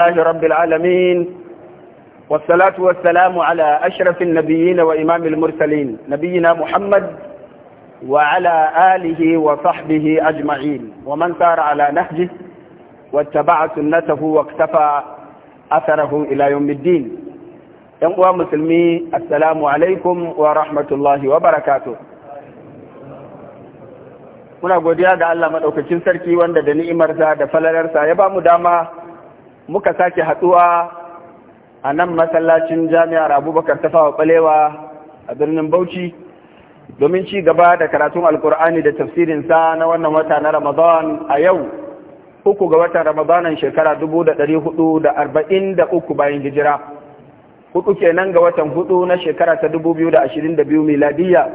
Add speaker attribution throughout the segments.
Speaker 1: الله رب العالمين والصلاة والسلام على أشرف النبيين وإمام المرسلين نبينا محمد وعلى آله وصحبه أجمعين ومن سار على نهجه واتبع سنته واقتفى أثره إلى يوم الدين ينقوى مسلمي السلام عليكم ورحمة الله وبركاته muna godiya ga Allah madaukakin sarki wanda da ni'imarsa da falalarsa ya ba mu dama muka sake haɗuwa a nan masallacin jami'ar abubakar ta fawa balewa a birnin bauchi domin ci gaba da karatun alkur'ani da tafsirinsa na wannan wata na ramadan a yau uku ga watan ramadanan shekara uku bayan hijira hudu kenan ga watan hudu na shekara ta biyu miladiyya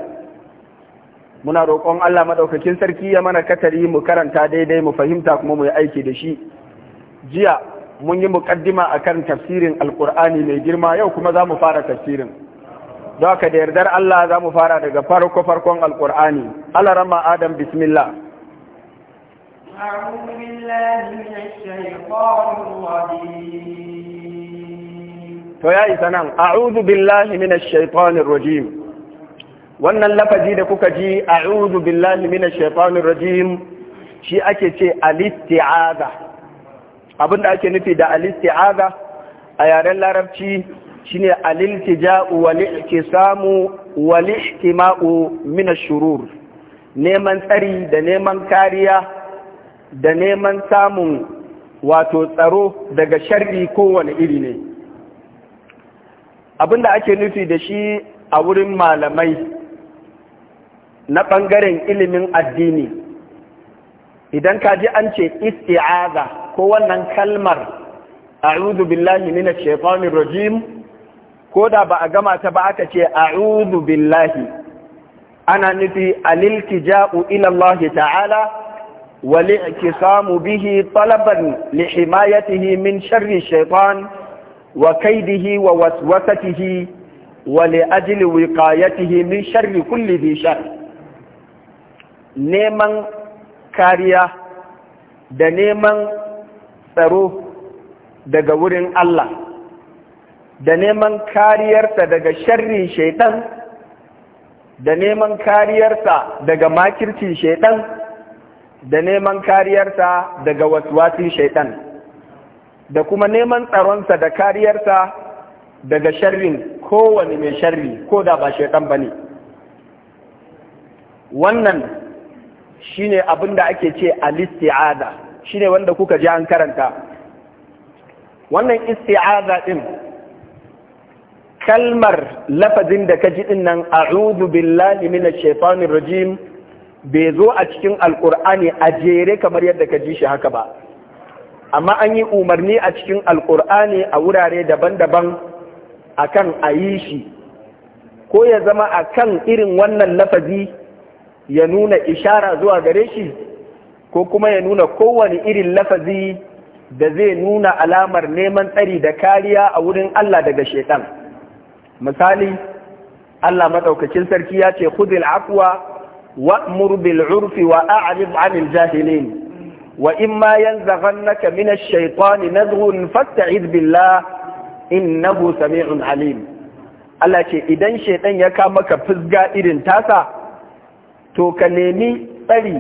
Speaker 1: muna roƙon Allah madaukakin sarki ya mana katari mu karanta daidai mu fahimta kuma mu yi aiki da shi jiya mun yi muƙaddima kan tafsirin alƙur'ani mai girma yau kuma za mu fara tafsirin don haka da yardar Allah za mu fara daga farko farkon alƙur'ani alarama adam bismillah أعوذ بالله من الشيطان الرجيم فيا إسنان أعوذ بالله من الشيطان الرجيم wannan lafazi da kuka ji a'udhu billahi minash shaitanir rajim shi ake ce al-isti'aza abin da ake nufi da al a yaren larabci shine al-iltija'u wal ihtisamu wal ihtima'u min ash-shurur neman tsari da neman kariya da neman samun wato tsaro daga sharri kowane iri ne abin da ake nufi da shi a wurin malamai na ɓangaren ilimin addini idan ka ji an ce isti'aza ko wannan kalmar a'udhu billahi minash shaitanir rajim ko da ba a gama ta ba aka ce a'udhu billahi ana nufi a ila Allah ta'ala wa li'tisamu bihi talaban li himayatihi min sharri shaitan wa kaidihi wa waswasatihi wa li wiqayatihi min sharri kulli dhi shar neman kariya da neman tsaro daga wurin Allah da neman kariyarsa daga sharri shaiɗan, da neman kariyarsa daga makircin shaiɗan, da neman kariyarsa daga waswasin shaiɗan, da kuma neman tsaronsa da kariyarsa daga sharrin kowane mai sharri ko da ba shaiɗan ba ne wannan shi ne abin da ake ce a listi'ada Shi ne wanda kuka ji an karanta wannan isti'aza din kalmar lafazin da ka ji din nan a'udhu billahi minash shaitanir rajim bai zo a cikin alkur'ani a jere kamar yadda ka ji shi haka ba amma an yi umarni a cikin alkur'ani a wurare daban-daban akan a yi shi ko ya zama akan irin wannan lafazi ya nuna ishara zuwa gare shi ko kuma ya nuna kowane irin lafazi da zai nuna alamar neman tsari da kariya a wurin Allah daga shaitan misali Allah maɗaukacin sarki ya ce khudil afwa wa murbil urfi wa a'rid 'anil jahilin wa imma yanzaghannaka min ash-shaytani nadhun fasta'id in innahu sami'un alim Allah ce idan shaitan ya kama ka fusga irin tasa to ka nemi tsari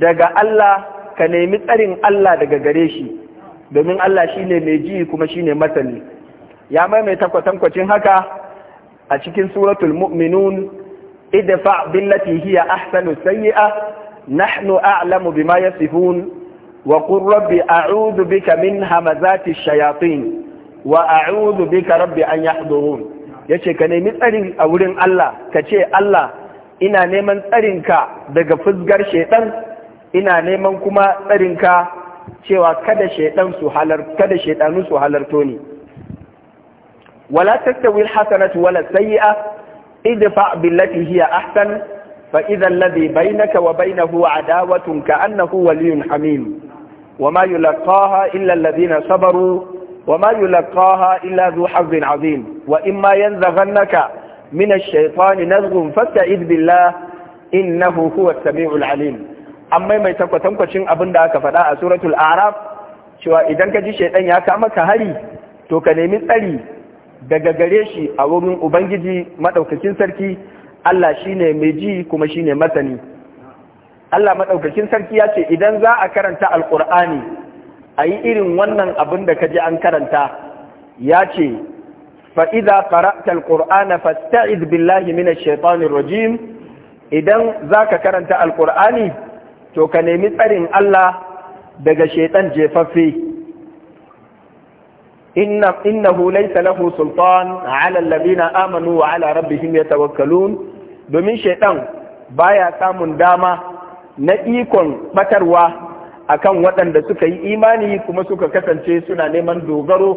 Speaker 1: daga Allah ka nemi tsarin Allah daga gare shi domin Allah shi ne mai ji kuma shi ne masani ya maimaita kwatankwacin haka a cikin suratul mu'minun idfa billati hiya ahsanu sayyi'a nahnu a'lamu bima yasifun wa qur rabbi a'udhu bika min hamazati shayatin wa a'udhu bika rabbi an yahdurun yace ka nemi tsarin a wurin Allah ka ce Allah ina neman tsarinka daga fusgar shaidan ina neman kuma tsarinka cewa kada shaidan su shaidanu su halarto ne wala tattawil alhasanatu wala sayyi'a idfa billati hiya ahsan fa idha alladhi bainaka wa bainahu adawatun annahu waliyyun hamim wama yulqaha illa alladhina sabaru wama yulqaha illa dhu hazzin azim wa imma yanzaghannaka Mina ash-shaytani nazghun fasta'id billah innahu huwa as-sami'ul alim an maimaita kwatankwacin abin da aka faɗa a suratul araf cewa idan ka ji shaidan ya kama ka hari to ka nemi tsari daga gare shi a wurin ubangiji Madaukakin sarki Allah shine mai ji kuma shine masani Allah Madaukakin sarki ya ce idan za a karanta alƙur'ani a yi irin wannan abin da ka ji an karanta ya ce fa idza qara'ta alqur'ana fasta'id billahi minash shaitanir rajim idan zaka karanta alqur'ani to ka nemi tsarin Allah daga shaitan jefaffe inna Salahu laysa lahu sultan 'ala alladhina amanu wa 'ala rabbihim yatawakkalun domin shaitan baya samun dama na ikon batarwa akan waɗanda suka yi imani kuma suka kasance suna neman dogaro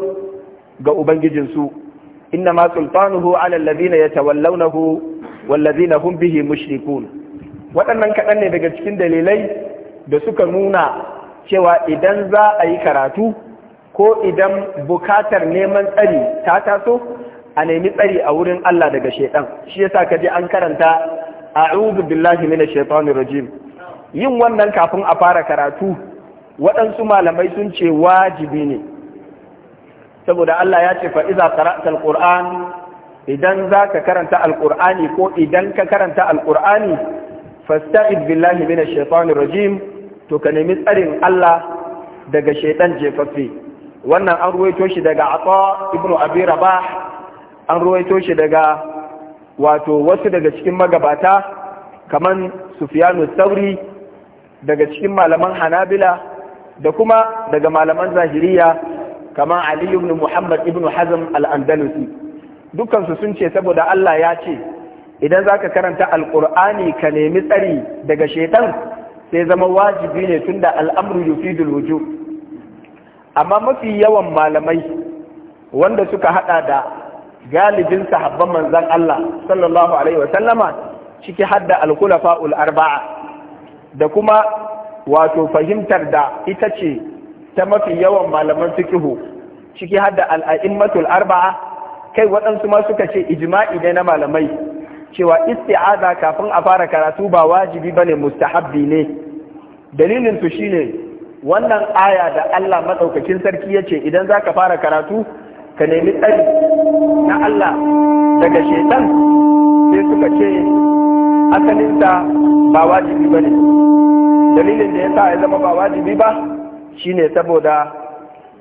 Speaker 1: ga Ubangijinsu إنما سلطانه على الذين يتولونه والذين هم به mushrikun. waɗannan kaɗan ne daga cikin dalilai da suka nuna cewa idan za a yi karatu ko idan bukatar neman tsari ta taso a nemi tsari a wurin Allah daga shaidan shi yasa ka ji an karanta a'udhu billahi minash shaitani rajim yin wannan kafin a fara karatu waɗansu malamai sun ce wajibi ne saboda Allah ya ce fa'iza karanta al'ur'an idan za ka karanta al'ur'ani ko idan ka karanta al'ur'ani fasta'id billahi mina shaitanin rajim to ka nemi tsarin Allah daga shaitan jefaffe wannan an ruwaito shi daga aqa Ibnu abi rabah an ruwaito shi daga wato wasu daga cikin magabata kaman sufiyanu sauri daga cikin malaman hanabila da kuma daga malaman zahiriya kama Ali ibn Muhammad ibn Hazm al-Andalusi dukkan su sun ce saboda Allah ya ce idan zaka karanta alqur'ani ka nemi tsari daga shaitan sai zama wajibi ne tunda al'amru yufidul wujub amma mafi yawan malamai wanda suka hada da galibin sahabban manzon Allah sallallahu alaihi wa sallama ciki hadda al al arba'a da kuma wato fahimtar da ita ce ta mafi yawan malaman fikihu ciki har da al'a'immatul arba'a kai waɗansu ma suka ce ijima'i ne na malamai cewa isti'aza kafin a fara karatu ba wajibi ba ne mustahabbi ne dalilin su shine wannan aya da Allah madaukakin sarki ya ce idan za ka fara karatu ka nemi tsari na Allah daga shaitan sai suka ce asalinta ba wajibi ba ne. dalilin da ya sa ya zama ba wajibi ba shine saboda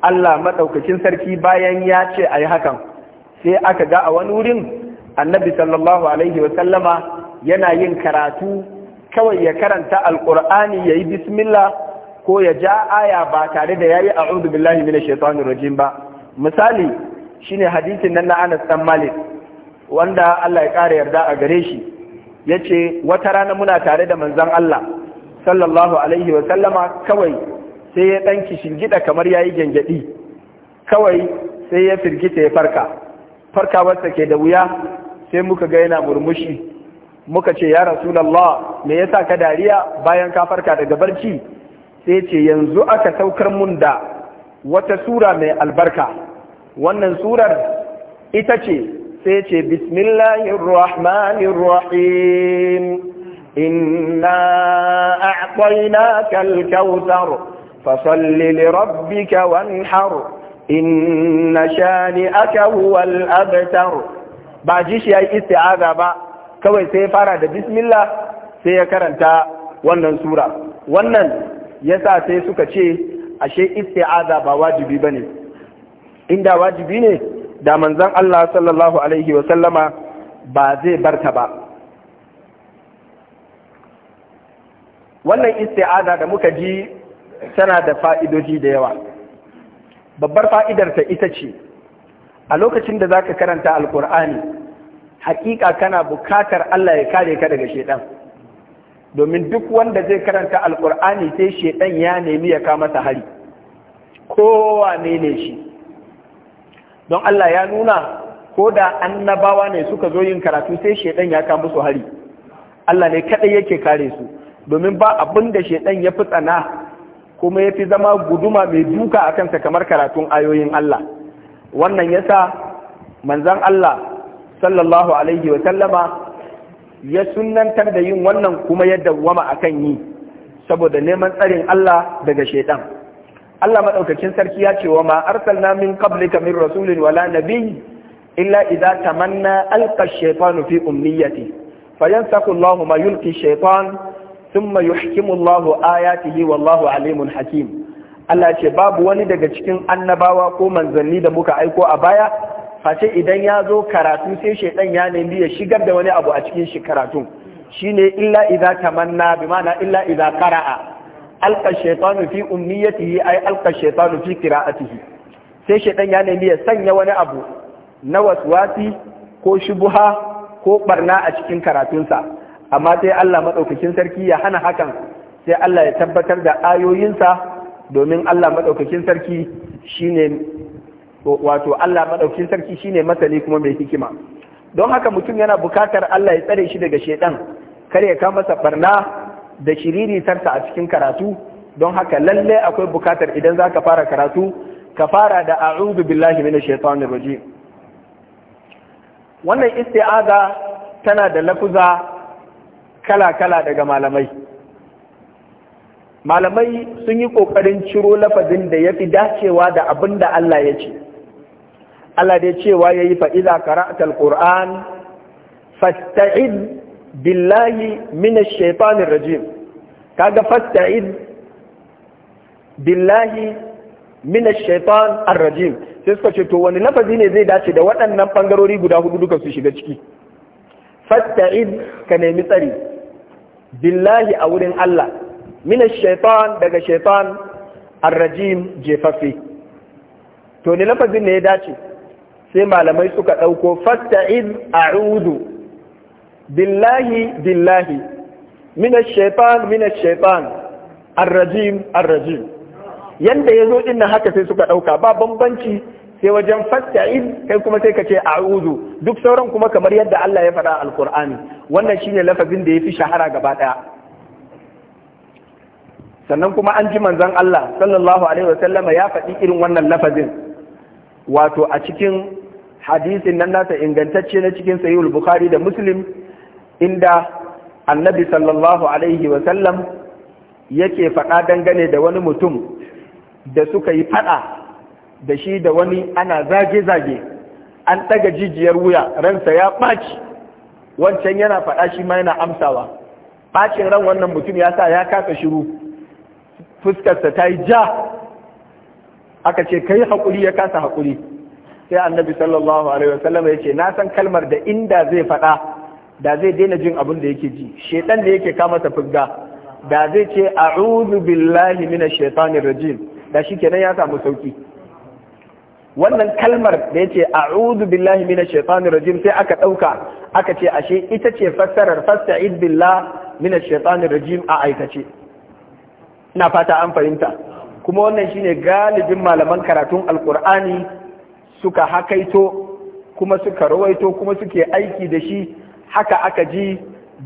Speaker 1: Allah maɗaukacin sarki bayan ya ce a yi hakan sai aka ga a wani wurin annabi sallallahu alaihi wasallama yana yin karatu kawai ya karanta alƙur'ani ya yi bismillah ko ya ja aya ba tare da ya yi a'udhu billahi minash shaitanir rajim ba misali shine hadisin nan na Anas dan Malik wanda Allah ya ƙara yarda a gare shi yace wata rana muna tare da manzon Allah sallallahu alaihi wa sallama kawai sai ya ɗan kishingida kamar ya yi gyangyaɗi kawai sai ya firgita ya farka farka farkawarsa ke da wuya sai muka ga yana murmushi muka ce ya rasu rasulallah me yasa ka dariya bayan ka farka daga barci sai ce yanzu aka saukar mun da wata sura mai albarka wannan surar ita ce sai ce bismillahirrahmanirrahim inna a'tainaka al فصل لربك وانحر إن شانئك هو الأبتر ba ji shi ya yi isti'aza ba kawai sai fara da bismillah sai ya karanta wannan sura wannan yasa sai suka ce ashe isti'aza ba wajibi bane inda wajibi ne da manzon Allah sallallahu alaihi wa sallama ba zai barta ba wannan isti'aza da muka ji tana da fa'idoji da yawa babbar fa'idarta ita ce a lokacin da za ka karanta Alƙur'ani, hakika kana bukatar Allah ya kare ka daga shaidan domin duk wanda zai karanta Alƙur'ani sai shaidan ya nemi ya kama ta hari kowa ne ne shi don Allah ya nuna ko da annabawa ne suka zo yin karatu sai shaidan ya kama su hari Allah ne kaɗai yake kare su domin ba abin da shaidan ya fi tsana kuma ya fi zama guduma mai duka a kansa kamar karatun ayoyin Allah wannan yasa manzan Allah sallallahu alaihi wa sallama ya sunantar da yin wannan kuma ya dawwama akan yi saboda neman tsarin Allah daga shaidan Allah maɗaukacin sarki ya ce wa ma arsalna min qablika min rasulin wala nabiy illa idza tamanna alqa ash-shaytanu fi umniyati fayansakhu Allahu ma yulqi ash-shaytan thumma yuhkimullahu ayatihi wallahu alimun hakim Allah ce babu wani daga cikin annabawa ko manzanni da muka aiko a baya face idan ya zo karatu sai shaidan ya nemi ya shigar da wani abu a cikin shi karatun shine illa idza tamanna bi ma'ana illa idza qara'a alqa shaytanu fi umniyatihi ay alqa shaytanu fi qira'atihi sai shaidan ya nemi ya sanya wani abu na waswasi ko shubuha ko barna a cikin karatunsa amma sai Allah maɗaukakin sarki ya hana hakan sai Allah ya tabbatar da ayoyinsa domin Allah maɗaukakin sarki shine wato Allah maɗaukakin sarki shine masani kuma mai hikima don haka mutum yana bukatar Allah ya tsare shi daga shaiɗan kar ya kama masa barna da shiriri sarsa a cikin karatu don haka lalle akwai bukatar idan zaka fara karatu ka fara da a'udhu billahi minash shaitanir rajim wannan isti'aza tana da lafuza kala-kala daga malamai malamai sun yi ƙoƙarin ciro lafazin da ya fi dacewa da abin da Allah ya ce Allah da cewa ya yi fa'iza kara'atar ƙur'an fasta'id billahi min shaifanin rajim kaga fasta'id billahi min shaifanin rajim sai suka ce to wani lafazi ne zai dace da waɗannan ɓangarori guda hudu duka su shiga ciki fasta'id ka nemi tsari billahi a wurin Allah mina shaitan daga shaitan arrajim jefaffe to ni lafazin ne ya dace sai malamai suka ɗauko fasta'iz a'udu billahi billahi mina shaitan mina shaitan arrajim arrajim yanda ya zo ɗin haka sai suka ɗauka ba bambanci sai wajen fasta'iz kai kuma sai ka ce a'udhu duk sauran kuma kamar yadda Allah ya faɗa alqur'ani wannan shine lafazin da yafi shahara gaba daya sannan kuma an ji manzon Allah sallallahu alaihi wasallama ya faɗi irin wannan lafazin wato a cikin hadisin nan nasa ingantacce na cikin sahihul bukhari da muslim inda annabi sallallahu alaihi wasallam yake faɗa dangane da wani mutum da suka yi faɗa da shi da wani ana zage-zage an ɗaga jijiyar wuya ransa ya ɓaci wancan yana faɗa shi ma yana amsawa ɓacin ran wannan mutum ya sa ya kasa shiru fuskarsa ta yi ja aka ce kai haƙuri ya kasa haƙuri sai annabi sallallahu alaihi wasallam ya ce na san kalmar da inda zai faɗa da zai daina jin abin da yake ji shedan da yake kama ta fuska da zai ce a'udhu billahi minash shaitanir rajim da shikenan ya samu sauki wannan kalmar da yace a'udhu billahi mina rajim sai aka ɗauka aka ce ashe ita ce fassarar fasta'id billah mina shaitanir rajim a aikace ina fata an fahimta kuma wannan shine galibin malaman karatun alkur'ani suka hakaito kuma suka rawaito kuma suke aiki da shi haka aka ji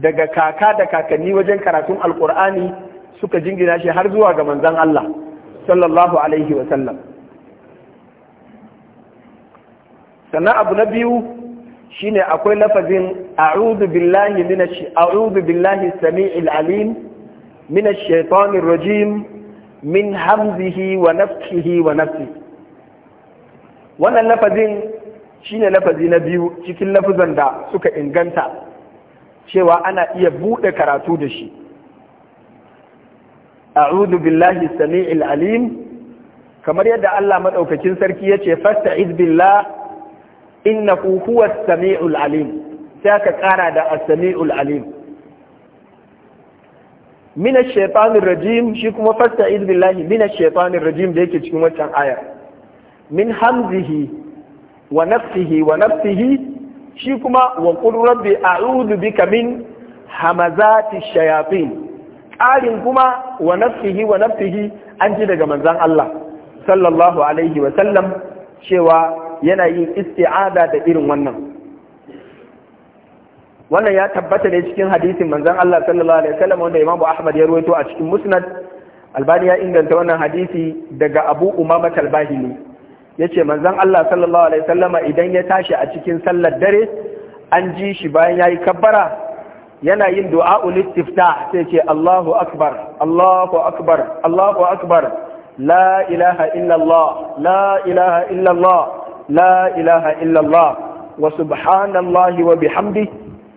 Speaker 1: daga kaka da kakanni wajen karatun alkur'ani suka jingina shi har zuwa ga manzon Allah sallallahu alaihi wa sallam sannan abu na biyu shine akwai lafazin a'udhu billahi minash a'udhu billahi samii'il alim minash shaitanir rajim min hamzihi wa nafsihi wa nafsi wannan lafazin shine lafazi na biyu cikin lafazan da suka inganta cewa ana iya buɗe karatu da shi a'udhu billahi samii'il alim kamar yadda Allah madaukakin sarki yace "Fasta billah innahu huwa samiul alim sai ka kara da as-sami'ul alim min ash-shaytanir rajim shi kuma fasta'iz billahi min ash-shaytanir rajim da yake cikin wancan aya min hamzihi wa nafsihi wa nafsihi shi kuma wa qul rabbi a'udhu bika min hamazati shayatin ƙarin kuma wa nafsihi wa nafsihi an ji daga manzon Allah sallallahu alaihi wa sallam cewa yana yin isti'ada da irin wannan wannan ya tabbata ne cikin hadisin manzon Allah sallallahu alaihi wasallam wanda Imam Ahmad ya ruwaito a cikin Musnad Albani ya inganta wannan hadisi daga Abu Umama Talbahili yace manzon Allah sallallahu alaihi wasallam idan ya tashi a cikin sallar dare an ji shi bayan yayi kabbara yana yin du'a ul istiftah sai ce Allahu akbar Allahu akbar Allahu akbar la ilaha illa Allah la ilaha illa Allah la ilaha illallah wa subhanallahi wa bihamdi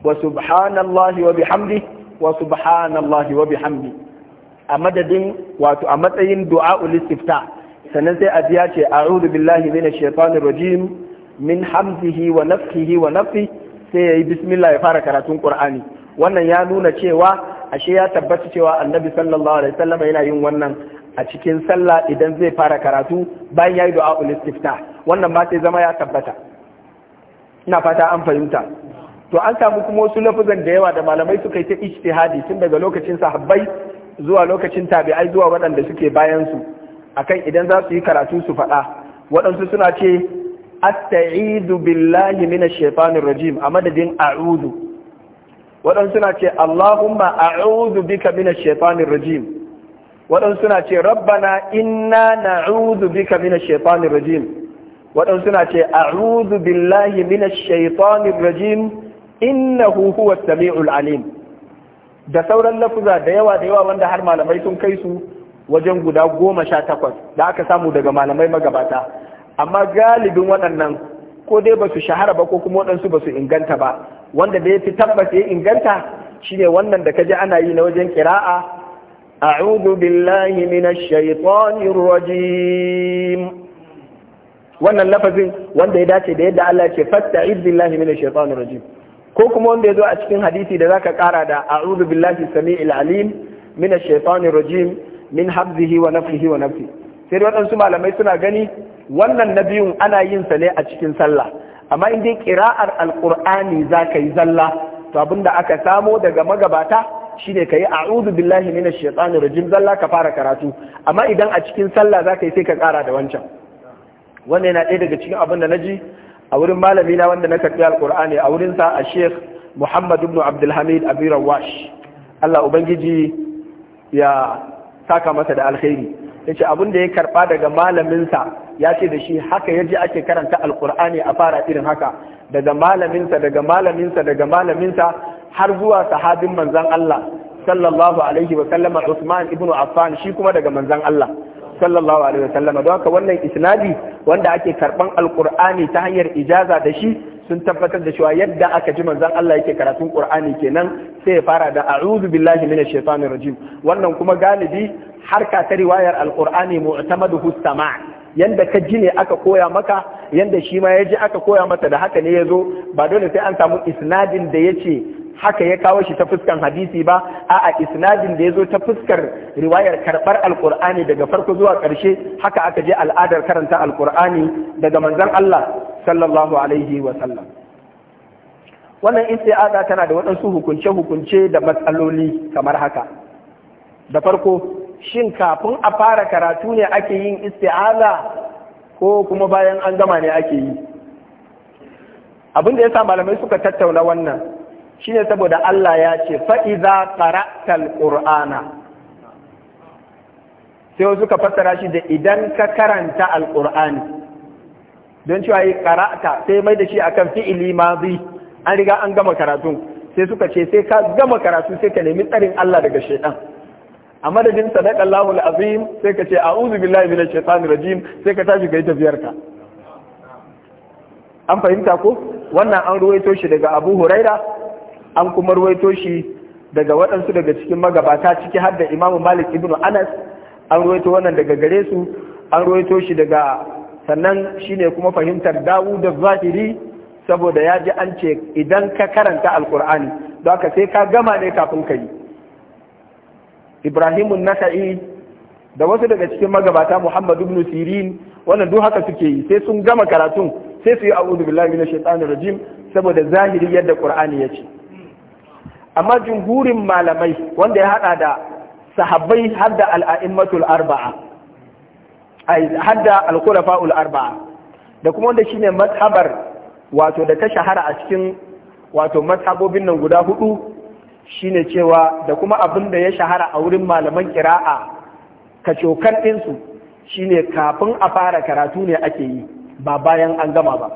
Speaker 1: wa subhanallahi wa bihamdi wa subhanallahi wa bihamdi a madadin wato a matsayin du'a'ul istifta sannan sai a biya ce a'udhu billahi minash shaitanir rajim min hamzihi wa nafsihi wa sai yayi bismillah fara karatun qur'ani wannan ya nuna cewa ashe ya tabbata cewa annabi sallallahu alaihi yana yin wannan a cikin sallah idan zai fara karatu bayan ya yi du'a ulistifta wannan ma sai zama ya tabbata ina fata an fahimta to an samu kuma wasu lafuzan da yawa da malamai suka yi ta ijtihadi tun daga lokacin sahabbai zuwa lokacin tabi'ai zuwa waɗanda suke bayan su akan idan za su yi karatu su faɗa waɗansu suna ce asta'idu billahi minash shaitanir rajim a madadin a'udhu waɗansu suna ce allahumma a'udhu bika minash shaitanir rajim waɗansu suna ce rabbana inna na'udhu bika mina shaitanir rajim waɗansu suna ce a a'udhu billahi mina shaitanir rajim Inna huwa samiul alim da sauran lafuza da yawa da yawa wanda har malamai sun kai su wajen guda goma sha takwas da aka samu daga malamai magabata amma galibin waɗannan ko dai ba su shahara ba ko kuma waɗansu ba su inganta ba wanda da ya fi tabbas ya inganta shine wannan da ka ji ana yi na wajen kira'a أعوذ بالله من الشيطان الرجيم wannan lafazin wanda ya dace da yadda Allah ce fasta'id billahi minash shaitanir rajim ko kuma wanda ya zo a cikin hadisi da zaka kara da a'udhu billahi samii'il alim minash shaitanir rajim min habzihi wa nafsihi wa nafsi sai dai waɗansu malamai suna gani wannan na biyun ana yin sa ne a cikin sallah amma in dai qira'ar alqur'ani zaka yi zalla to abinda aka samo daga magabata ne ka yi kai a'udhu billahi minash shaitani rajim zalla ka fara karatu amma idan a cikin sallah zaka yi sai ka kara da wancan wanda yana ɗaya daga cikin abin da ji a wurin malami wanda na karbi alqur'ani a wurin sa a sheikh Muhammad ibn Abdulhamid Hamid Allah ubangiji ya saka masa da alkhairi yace abin da ya karba daga malamin sa ya ce da shi haka ya ji ake karanta alqur'ani a fara irin haka daga malaminsa daga malaminsa daga malaminsa har zuwa sahabin manzan Allah sallallahu alaihi wa sallama Usman ibn Affan shi kuma daga manzan Allah sallallahu alaihi wa sallama don haka wannan isnadi wanda ake karban alqur'ani ta hanyar ijaza da shi sun tabbatar da cewa yadda aka ji manzan Allah yake karatun ƙur'ani kenan sai ya fara da a'udhu billahi minash shaitanir rajim wannan kuma galibi harka ta riwayar alqur'ani mutamadu sama' yanda ka ji ne aka koya maka yanda shi ma ya ji aka koya mata da haka ne ya zo ba dole sai an samu isnadin da ya ce haka ya kawo shi ta fuskan hadisi ba a a isnadin da ya zo ta fuskar riwayar karɓar alƙur'ani daga farko zuwa ƙarshe haka aka je al'adar karanta alƙur'ani daga manzon Allah sallallahu alaihi wa sallam wannan isti'aza tana da waɗansu hukunce-hukunce da matsaloli kamar haka da farko shin kafin a fara karatu ne ake yin isti'aza ko kuma bayan an gama ne ake yi abin da ya sa malamai suka tattauna wannan shi ne saboda Allah ya ce fa'iza qara'tal ƙurana sai wasu ka fassara shi da idan ka karanta al’ur'ani don cewa yi qara'ta sai mai da shi akan fi'ili mazi an riga an gama karatun sai suka ce sai ka gama karatu sai ka nemi tsarin Allah daga shaidan a madadin sadaqallahu alazim sai ka ce a uzu billahi minash shaitan rajim sai ka tashi kai tafiyarka an fahimta ko wannan an ruwaito shi daga Abu Huraira an kuma ruwaito shi daga waɗansu daga cikin magabata ciki har da imamu malik ibnu anas an ruwaito wannan daga gare su an ruwaito shi daga sannan shine kuma fahimtar dawu da zahiri saboda ya ji an ce idan ka karanta alkur'ani don haka sai ka gama ne kafin ka yi ibrahimun naka'i da wasu daga cikin magabata Muhammadu ibn sirin wannan duk haka suke yi sai sun gama karatun sai su yi a'udhu billahi minash shaitanir rajim saboda zahiri yadda qur'ani ya ce amma jumhurin malamai wanda ya hada da sahabbai har da al'a'immatul arba'a har da arba'a da kuma wanda shine mazhabar wato da ta shahara a cikin wato mazhabobin nan guda hudu shine cewa da kuma abin da ya shahara a wurin malaman kira'a kacokan ɗinsu shine kafin a fara karatu ne ake yi ba bayan an gama ba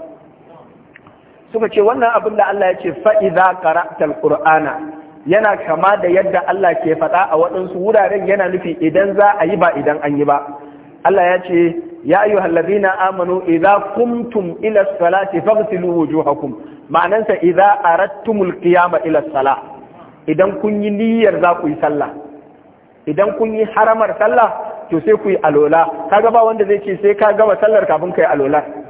Speaker 1: suka ce wannan abin da Allah ya ce fa'iza qara'tal Kur'ana yana kama da yadda Allah ke faɗa a waɗansu wuraren yana nufi idan za a yi ba idan an yi ba Allah ya ce ya ayu na amanu idza kumtum ila salati faghsilu wujuhakum ma'anansa a aradtumul qiyama ila salah idan kun yi niyyar za ku yi sallah idan kun yi haramar sallah to sai ku yi alola kaga ba wanda zai ce sai ka gama sallar kafin kai alolar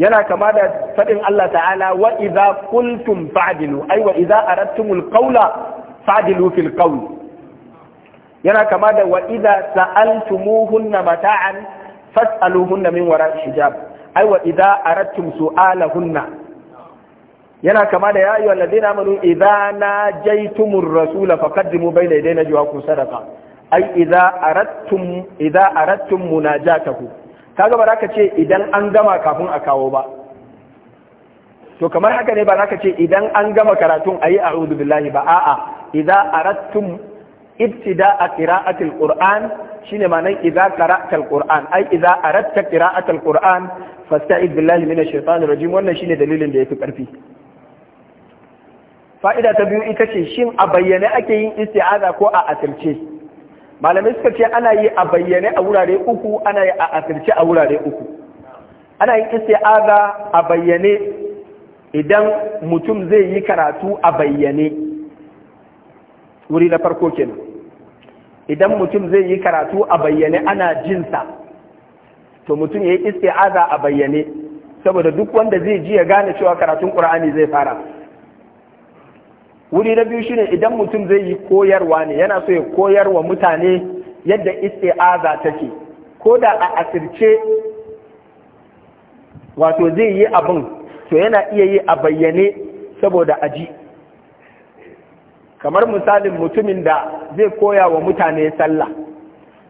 Speaker 1: yana kama da faɗin Allah ta'ala wa idza qultum fa'dilu ay wa idza aradtumul qawla fa'dilu fil qawl yana kama da wa idza sa'altumuhunna mata'an fas'aluhunna min wara'i hijab ay wa idza aradtum su'alahunna yana kama da ya ayyuhal ladina amanu idza najaytumur rasula faqaddimu bayna yaday najwaakum sadaqa ay idza aradtum idza aradtum munajatahu kaga ba za ka ce idan an gama kafin a kawo ba to kamar haka ne ba za ka ce idan an gama karatun a yi a billahi ba a'a idza aradtum ibtida'a qira'atil qur'an shine ma'anar idza qara'ta al-qur'an ai idza aradta qira'ata quran fasta'id billahi minash shaitanir rajim wannan shine dalilin da yafi karfi fa'ida ta biyu ita ce shin a bayyane ake yin isti'aza ko a asirce malamai suka ce ana yi a bayyane a wurare uku ana yi a asirce a wurare uku ana yin aza a bayyane idan mutum zai yi karatu a bayyane wuri na farko kenan idan mutum zai yi karatu a bayyane ana jinsa to mutum ya yi aza a bayyane saboda duk wanda zai ji ya gane cewa karatun ƙura'ani zai fara wuri na biyu shine idan mutum zai yi koyarwa ne yana so ya koyarwa mutane yadda isti'aza take ko da a asirce wato zai yi abin to yana iya yi a bayyane saboda aji kamar misalin mutumin da zai koya wa mutane sallah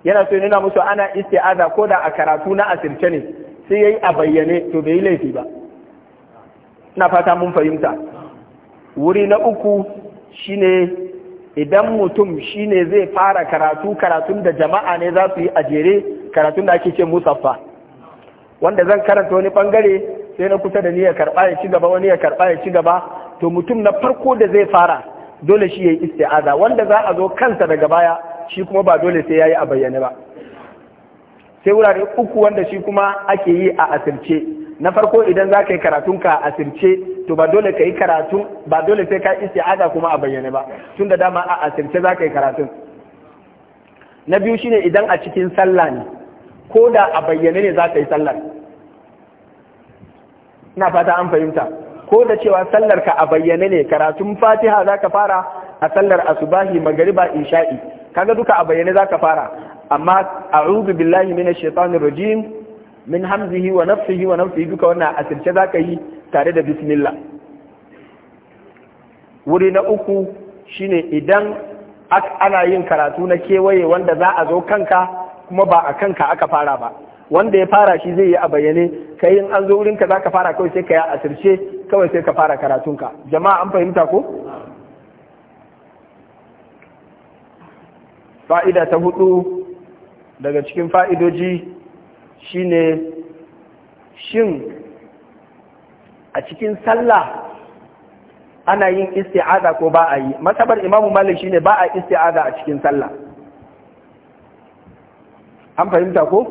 Speaker 1: yana so nuna musu ana isti'aza ko da a karatu na asirce ne sai yayi a bayyane to bai yi laifi ba ina fata mun fahimta wuri na uku shine idan mutum shi ne zai fara karatu karatun da jama'a ne za su yi a jere karatun da ake ce musaffa wanda zan karanta wani bangare sai na kusa da ni ya karba ya ci gaba wani ya karba ya ci gaba to mutum na farko da zai fara dole shi ya yi isti'aza wanda za a zo kansa daga baya shi kuma ba dole sai ya yi a bayyane ba sai wurare uku wanda shi kuma ake yi a asirce na farko idan za ka yi karatun ka asirce to ba dole ka yi karatun ba dole sai ka isti'aza kuma a bayyane ba tun da dama a asirce za ka yi karatun na biyu shine idan a cikin sallah ne ko da a bayyane ne za ka yi sallar ina fata an fahimta ko da cewa sallar ka a bayyane ne karatun fatiha za ka fara a sallar asubahi magariba isha'i kaga duka a bayyane za ka fara amma a'udhu billahi minash shaitanir rajim min hamzihi wa nafsihi wa nafsihi duka wannan asirce zaka yi tare da bismillah wuri na uku shine idan ana yin karatu na kewaye wanda za a zo kanka kuma ba a kanka aka fara ba wanda ya fara shi zai yi a bayyane kai in an zo wurin ka zaka fara kawai sai ka yi asirce kawai sai ka fara karatunka jama'a an fahimta ko fa'ida ta hudu daga cikin fa'idoji shine shin a cikin sallah ana yin isti'aza ko ba a yi matsabar imamu malik shine ba a isti'aza a cikin sallah an fahimta ko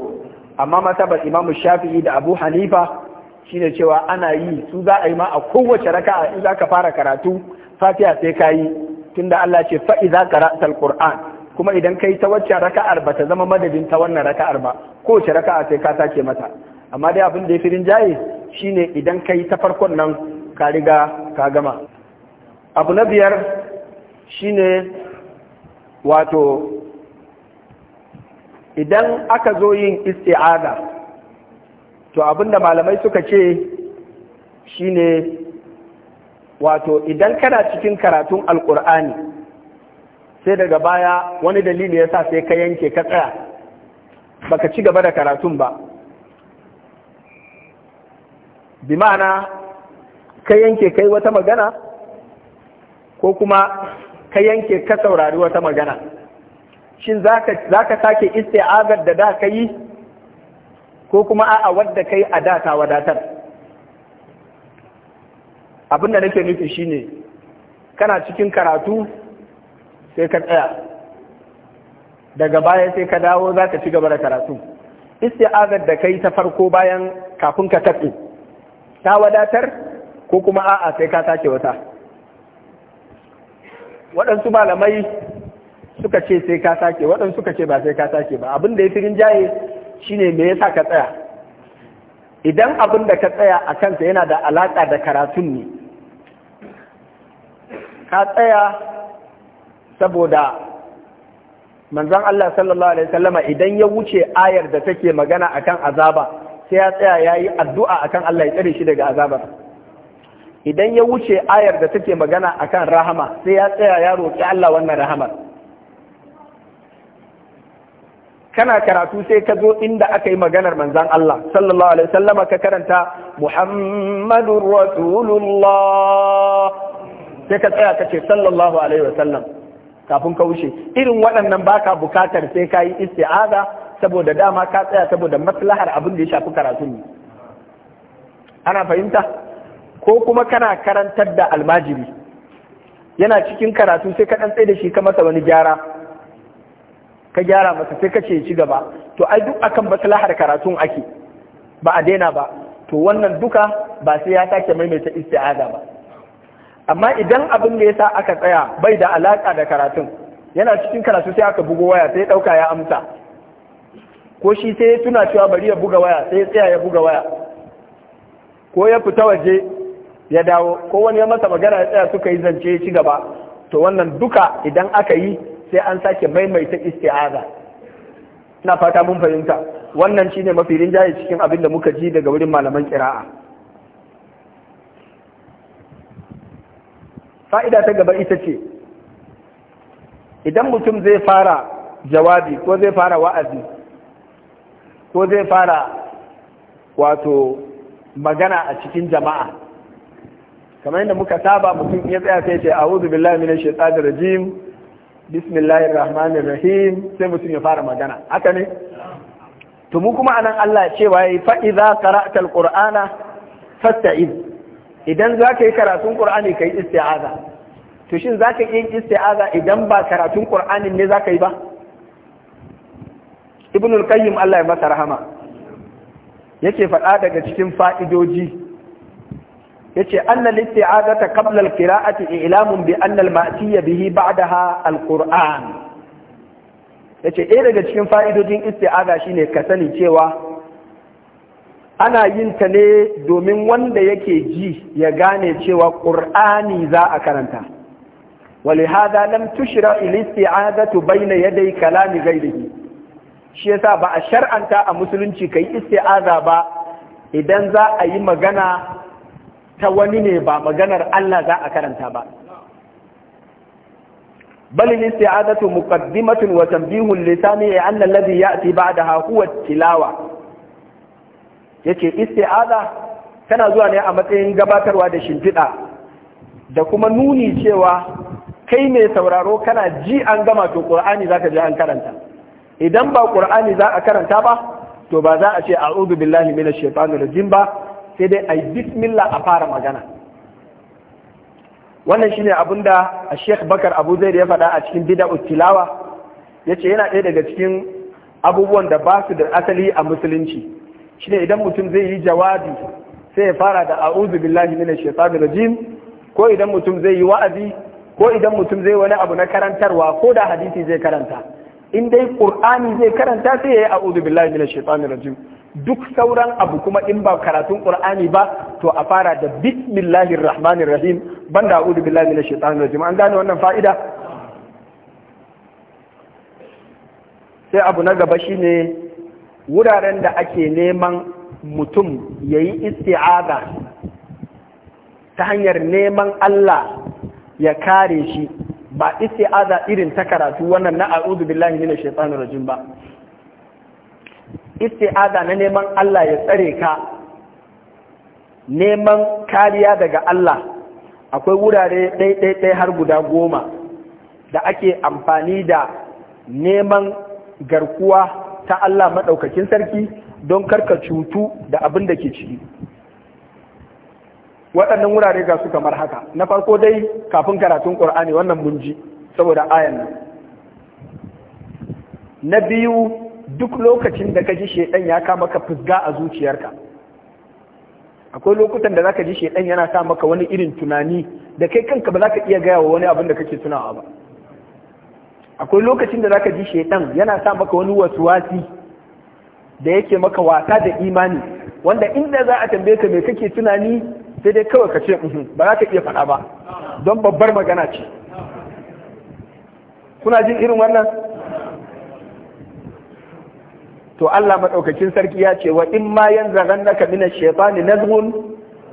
Speaker 1: amma matsabar imamu shafi'i da abu hanifa shine cewa ana yi su za a yi ma a kowace raka'a in za ka fara karatu fatiha sai ka yi tunda Allah ce fa'iza qara'tal qur'an kuma idan kai ta wacce raka'ar ba ta zama madadin ta wannan raka'ar ba kowace raka'a sai ka take mata amma dai abin da ya fi rinjaye shine idan kai ta farkon nan ka riga ka gama abu na biyar shine wato idan aka zo yin isti'ada to abinda malamai suka ce shine wato idan kana cikin karatun alkur'ani sai daga baya wani dalili ya sa sai ka yanke ka tsaya baka ci gaba da karatun ba bi ma'ana ka yanke kai wata magana ko kuma ka yanke ka saurari wata magana shin za ka sake isti'azar da da ka yi ko kuma a'a wadda kai a da ta wadatar abin da nake nufi shine kana cikin karatu sai ka tsaya daga baya sai ka dawo za ka ci gaba da karatu isti'azar da kai ta farko bayan kafin ka katse ta wadatar ko kuma a'a sai ka sake wata waɗansu malamai suka ce sai ka sake waɗansu suka ce ba sai ka sake ba abin da ya fi rinjaye shine me yasa ka tsaya idan abin da ka tsaya a kansa yana da alaƙa da karatun ne ka tsaya saboda manzon Allah sallallahu alaihi wasallama idan ya wuce ayar da take magana akan azaba sai ya tsaya yayi addu'a akan Allah ya tsare shi daga azabar idan ya wuce ayar da take magana akan rahama sai ya tsaya ya roƙi Allah wannan Rahama. kana karatu sai ka zo inda aka yi maganar manzan Allah sallallahu alaihi wasallama ka karanta Muhammadur Rasulullah sai ka tsaya ka ce sallallahu alaihi wasallam kafin ka wuce irin waɗannan baka bukatar sai ka yi isti'aza saboda dama ka tsaya saboda maslahar abin da ya shafi karatu ne ana fahimta ko kuma kana karantar da almajiri yana cikin karatu sai ka ɗan tsaye da shi ka masa wani gyara ka gyara masa sai ka ce ci gaba to ai duk akan maslahar karatun ake ba a daina ba to wannan duka ba sai ya sake maimaita isti'aza ba amma idan abin da ya sa aka tsaya bai da alaƙa da karatun yana cikin karatu sai aka bugo waya sai ɗauka ya amsa ko shi sai ya tuna cewa bari ya buga waya sai ya tsaya ya buga waya ko ya fita waje ya dawo ko wani ya masa magana ya tsaya suka yi zance ya ci gaba to wannan duka idan aka yi sai an sake maimaita isti'aza ina fata mun fahimta wannan shine mafi rinjaye cikin abin da muka ji daga wurin malaman kira'a fa'ida ta gaba ita ce idan mutum zai fara jawabi ko zai fara wa'azi ko zai fara wato magana a cikin jama'a kamar yadda muka saba mutum ya tsaya sai ce a'udhu billahi minash shaitanir rajim bismillahir rahmanir rahim sai mutum ya fara magana haka ne to mu kuma anan Allah cewa yayi fa idza qara'tal qur'ana idan za ka yi karatun ƙur'ani ka yi isti'aza to shin za ka yi isti'aza idan ba karatun ƙur'anin ne za ka yi ba ibn al-qayyim Allah ya masa rahama yake faɗa daga cikin fa'idoji yace anna al-isti'azata qabla al-qira'ati i'lamun bi anna al-ma'tiya bihi ba'daha al-qur'an yace ɗaya daga cikin fa'idojin isti'aza shine ka sani cewa ana yin ta ne domin wanda yake ji ya gane cewa ƙur'ani za a karanta lam لم تشرع الاستعاذة bayna يدي kalami غيره shi yasa ba a shar'anta a musulunci kai isti'aza ba idan za a yi magana ta wani ne ba maganar Allah za a karanta ba bal isti'azatu muqaddimatun wa tanbihul lisani anna alladhi ya'ti ba'daha huwa tilawa yace isti'aza tana zuwa ne a matsayin gabatarwa da shimfiɗa da kuma nuni cewa kai mai sauraro kana ji an gama to qur'ani zaka ji an karanta idan ba qur'ani za a karanta ba to ba za a ce a'udhu billahi minash shaitanir rajim ba sai dai ai bismillah a fara magana wannan shine abin da a Sheikh Bakar Abu Zaid ya faɗa a cikin bid'a'ut tilawa yace yana ɗaya daga cikin abubuwan da ba su da asali a musulunci ne idan mutum zai yi jawabi sai ya fara da a'udhu billahi minash shaitanir rajim ko idan mutum zai yi wa'azi ko idan mutum zai wani abu na karantarwa ko da hadisi zai karanta in dai qur'ani zai karanta sai ya yi a'udhu billahi minash shaitanir rajim duk sauran abu kuma in ba karatun qur'ani ba to a fara da bismillahir rahmanir rahim banda a'udhu billahi minash shaitanir rajim an gane wannan fa'ida sai abu na gaba shine wuraren da ake neman mutum ya yi isti'aza ta hanyar neman Allah ya kare shi ba isti'aza irin ta karatu wannan na a'udhu billahi minash shaitanir rajim ba isti'aza na neman Allah ya tsare ka neman kariya daga Allah akwai wurare ɗaiɗaiɗai har guda goma da ake amfani da neman garkuwa ta Allah maɗaukakin sarki don karka cutu da abin da ke ciki waɗannan wurare ga su kamar haka na farko dai kafin karatun ƙur'ani wannan mun ji saboda ayan nan na biyu duk lokacin da ka ji shaidan ya kama ka fusga a zuciyarka akwai lokutan da za ka ji shaidan yana sa maka wani irin tunani da kai kanka ba za ka iya gaya wa wani abin da kake tunawa ba akwai lokacin da zaka ji shaitan yana sa maka wani wasu wasi da yake maka wasa da imani wanda inda za a tambaye ka mai kake tunani sai dai kawai ka ce mhm, ba za ka iya faɗa ba don babbar magana ce kuna jin irin wannan to Allah madaukakin sarki ya ce wa in ma yanzaghannaka min ash-shaytani nazghun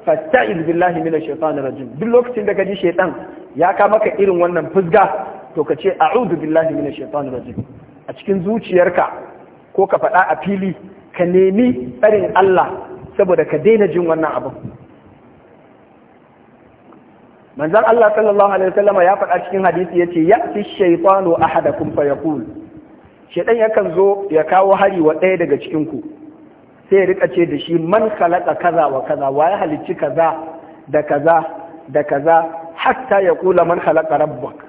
Speaker 1: fasta'iz billahi min ash-shaytani rajim duk lokacin da ka ji shaitan ya ka maka irin wannan fusga to ka ce a'udhu billahi minash shaitanir rajim a cikin zuciyarka ko ka faɗa a fili ka nemi tsarin Allah saboda ka daina jin wannan abu manzon Allah sallallahu alaihi wasallam ya faɗa cikin hadisi yace ya'ti shaytanu ahadakum fa yaqul shedan yakan zo ya kawo hari wa ɗaya daga cikin ku sai ya rika ce da shi man khalaqa kaza wa kaza wa ya halicci kaza da kaza da kaza hatta ya kula man khalaqa rabbak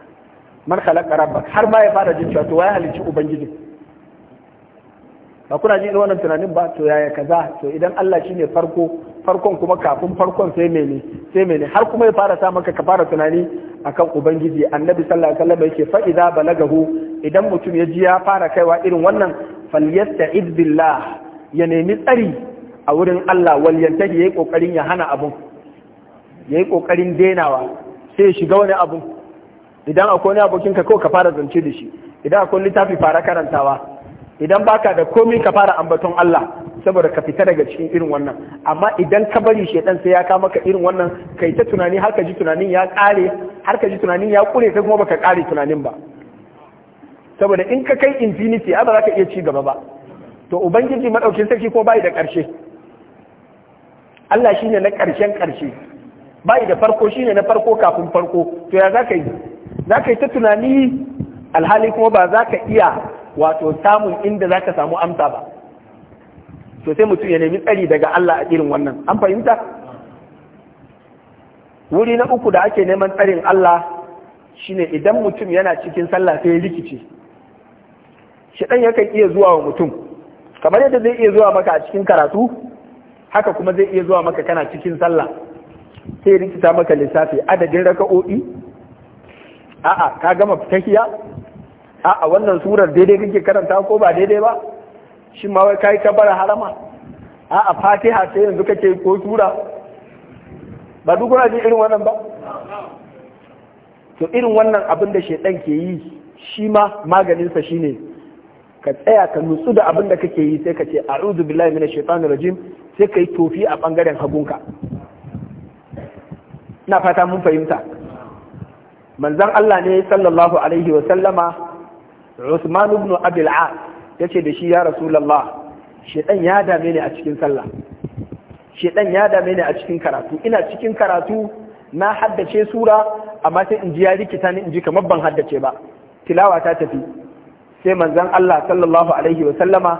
Speaker 1: man khalaqa rabbak har ma ya fara jin cewa to wai halicci ubangiji ba kuna jin wannan tunanin ba to yaya kaza to idan Allah shine farko farkon kuma kafin farkon sai mene sai mene har kuma ya fara sa maka ka fara tunani akan ubangiji annabi sallallahu alaihi wasallam yake fa idza balagahu idan mutum ya ji ya fara kaiwa irin wannan falyasta'id billah ya nemi tsari a wurin Allah walyantahi yayi kokarin ya hana abun yayi kokarin denawa sai ya shiga wani abun idan akwai wani abokin ka kawai ka fara zance da shi idan akwai littafi fara karantawa idan baka da komi ka fara ambaton Allah saboda ka fita daga cikin irin wannan amma idan ka bari shedan sai ya ka maka irin wannan kai ta tunani har ka ji tunanin ya kare har ka ji tunanin ya kure kai kuma baka kare tunanin ba saboda in ka kai infinity ba za ka iya ci gaba ba to ubangiji madaukin sarki ko bai da karshe Allah shine na karshen karshe bai da farko shine na farko kafin farko to ya za ka yi za ka yi ta tunani alhali kuma ba za ka iya wato samun inda za ka samu amsa ba to sai mutum ya nemi tsari daga Allah a irin wannan an fahimta wuri na uku da ake neman tsarin Allah shine idan mutum yana cikin sallah sai ya rikice ya yakan iya zuwa wa mutum kamar yadda zai iya zuwa maka a cikin karatu haka kuma zai iya zuwa maka kana cikin sallah sai rikita maka lissafi adadin raka'o'i a'a ka gama fitahiya a'a wannan surar daidai kake karanta ko ba daidai ba shi ma wai kai kabara harama a'a fatiha sai yanzu kake ko sura ba duk kuna ji irin wannan ba to irin wannan abin da shedan ke yi shi ma maganinsa shine ka tsaya ka nutsu da abin da kake yi sai ka ce a'udhu billahi minash shaitanir rajim sai kayi tofi a bangaren hagunka ina fata mun fahimta manzon Allah ne sallallahu alaihi wa sallama Usman ibn Abil As da shi ya Rasulullah shedan ya dame a cikin sallah ya dame ne a cikin karatu ina cikin karatu na haddace sura amma sai in ji ya rikita ni in ji kamar ban haddace ba tilawa ta tafi sai manzon Allah sallallahu alaihi wa sallama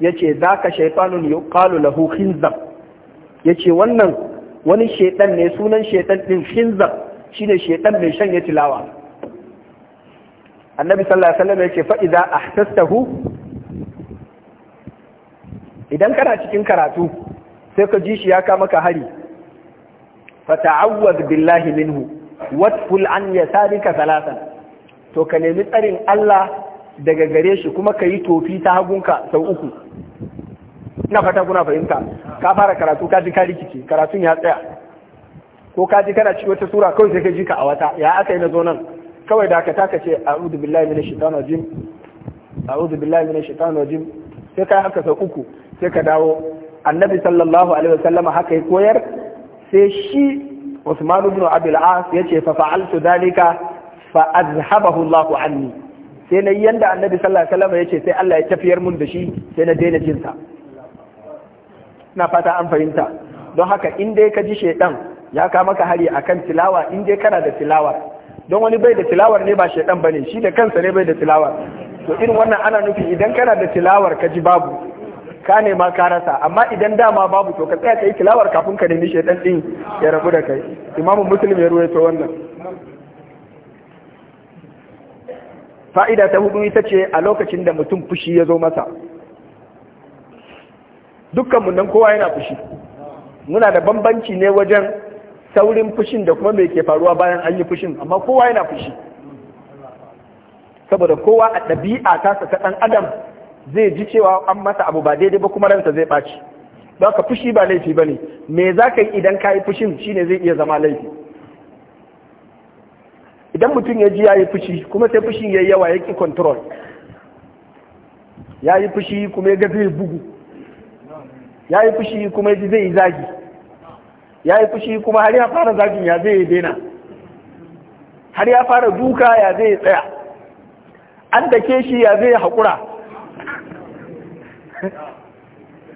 Speaker 1: yace zaka shaytanun yuqalu lahu khinzab yace wannan wani shaiɗan ne sunan shedan din khinzab Shi shine shedan mai shanye tilawa annabi sallallahu alaihi wasallam yake za a ahsastahu idan kana cikin karatu sai ka ji shi ya kama ka hari fa billahi minhu watful an yasarika salasan to ka nemi tsarin Allah daga gare shi kuma ka yi tofi ta hagunka sau uku ina fata kuna fahimta ka fara karatu ka ji ka rikici karatun ya tsaya ko ka ji kana ci wata sura kawai sai ka ji ka a wata ya aka yi na zo nan kawai da aka taka ce a'udhu billahi minash shaitanir rajim a'udhu billahi minash shaitanir rajim sai ka haka sau uku sai ka dawo annabi sallallahu alaihi wasallama haka ya koyar sai shi Usman ibn Abi al-As yace fa fa'altu dalika fa azhabahu Allah anni sai na yanda annabi sallallahu alaihi wasallama yace sai Allah ya tafiyar mun da shi sai na daina jinsa na fata an fahimta don haka in dai ka ji shaidan ya ka maka hari akan tilawa in dai kana da tilawa don wani bai da tilawar ne ba shaidan bane shi da kansa ne bai da tilawar to irin wannan ana nufi idan kana da tilawar ka ji babu ka ma ka rasa amma idan dama babu to ka tsaya ka yi tilawar kafin ka nemi shaidan din ya rabu da kai imamu muslim ya ruwaito wannan fa'ida ta hudu ita ce a lokacin da mutum fushi ya zo masa dukkanmu nan kowa yana fushi muna da bambanci ne wajen saurin fushin da kuma mai ke faruwa bayan an yi fushin amma kowa yana fushi saboda kowa a ɗabi'a ta ta ɗan adam zai ji cewa an masa abu ba daidai ba kuma ransa zai ɓaci ba ka fushi ba laifi ba ne me za ka yi idan ka yi fushin shine zai iya zama laifi idan mutum ya ji ya yi fushi kuma sai fushin ya yi yawa ya ƙi control ya yi fushi kuma ya ga zai bugu ya yi fushi kuma ya ji zai yi zagi ya yi fushi kuma har ya fara zagin ya zai daina har ya fara duka ya zai tsaya an dake shi ya zai haƙura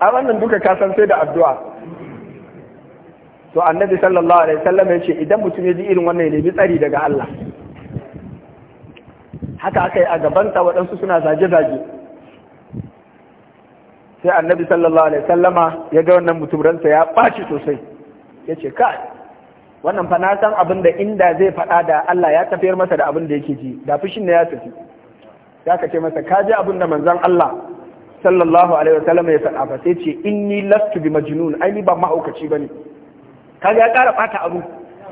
Speaker 1: a wannan duka kasan sai da addu'a to annabi sallallahu alaihi wasallam ya ce idan mutum ya ji irin wannan ya nemi tsari daga Allah haka aka yi a gabanta waɗansu suna zage-zage sai annabi sallallahu alaihi sallama ya ga wannan mutum ransa ya ɓaci sosai ya ce kai wannan fa na san abin da inda zai faɗa da Allah ya tafiyar masa da abin da yake ji da fushin ne ya tafi ya ka ce masa ka ji abin da manzon Allah sallallahu alaihi wasallam ya faɗa fa sai ce inni lastu bi majnun ai ni ba mahaukaci bane ga ya ƙara ɓata abu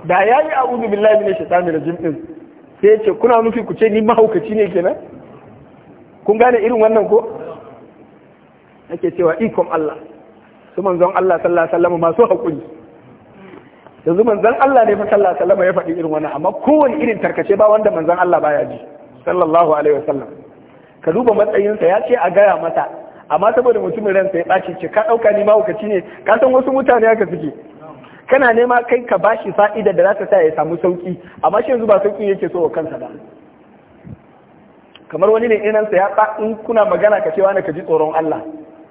Speaker 1: da yayi a'udhu billahi minash shaitanir rajim din sai ce kuna nufi ku ce ni mahaukaci ne kenan kun gane irin wannan ko ake cewa ikon Allah su manzon Allah sallallahu alaihi wasallam masu haƙuri yanzu manzan Allah ne fa sallallahu alaihi wasallam ya faɗi irin wannan amma kowane irin tarkace ba wanda manzan Allah baya ji sallallahu alaihi wasallam ka duba matsayinsa ya ce a gaya mata amma saboda mutumin ransa ya ɓace ce ka ɗauka ni mahaukaci ne ka san wasu mutane haka suke kana nema kai ka bashi fa'ida da za ta sa ya samu sauki amma shi yanzu ba sauki yake so wa kansa ba kamar wani ne inansa ya ba in kuna magana ka cewa na ka ji tsoron Allah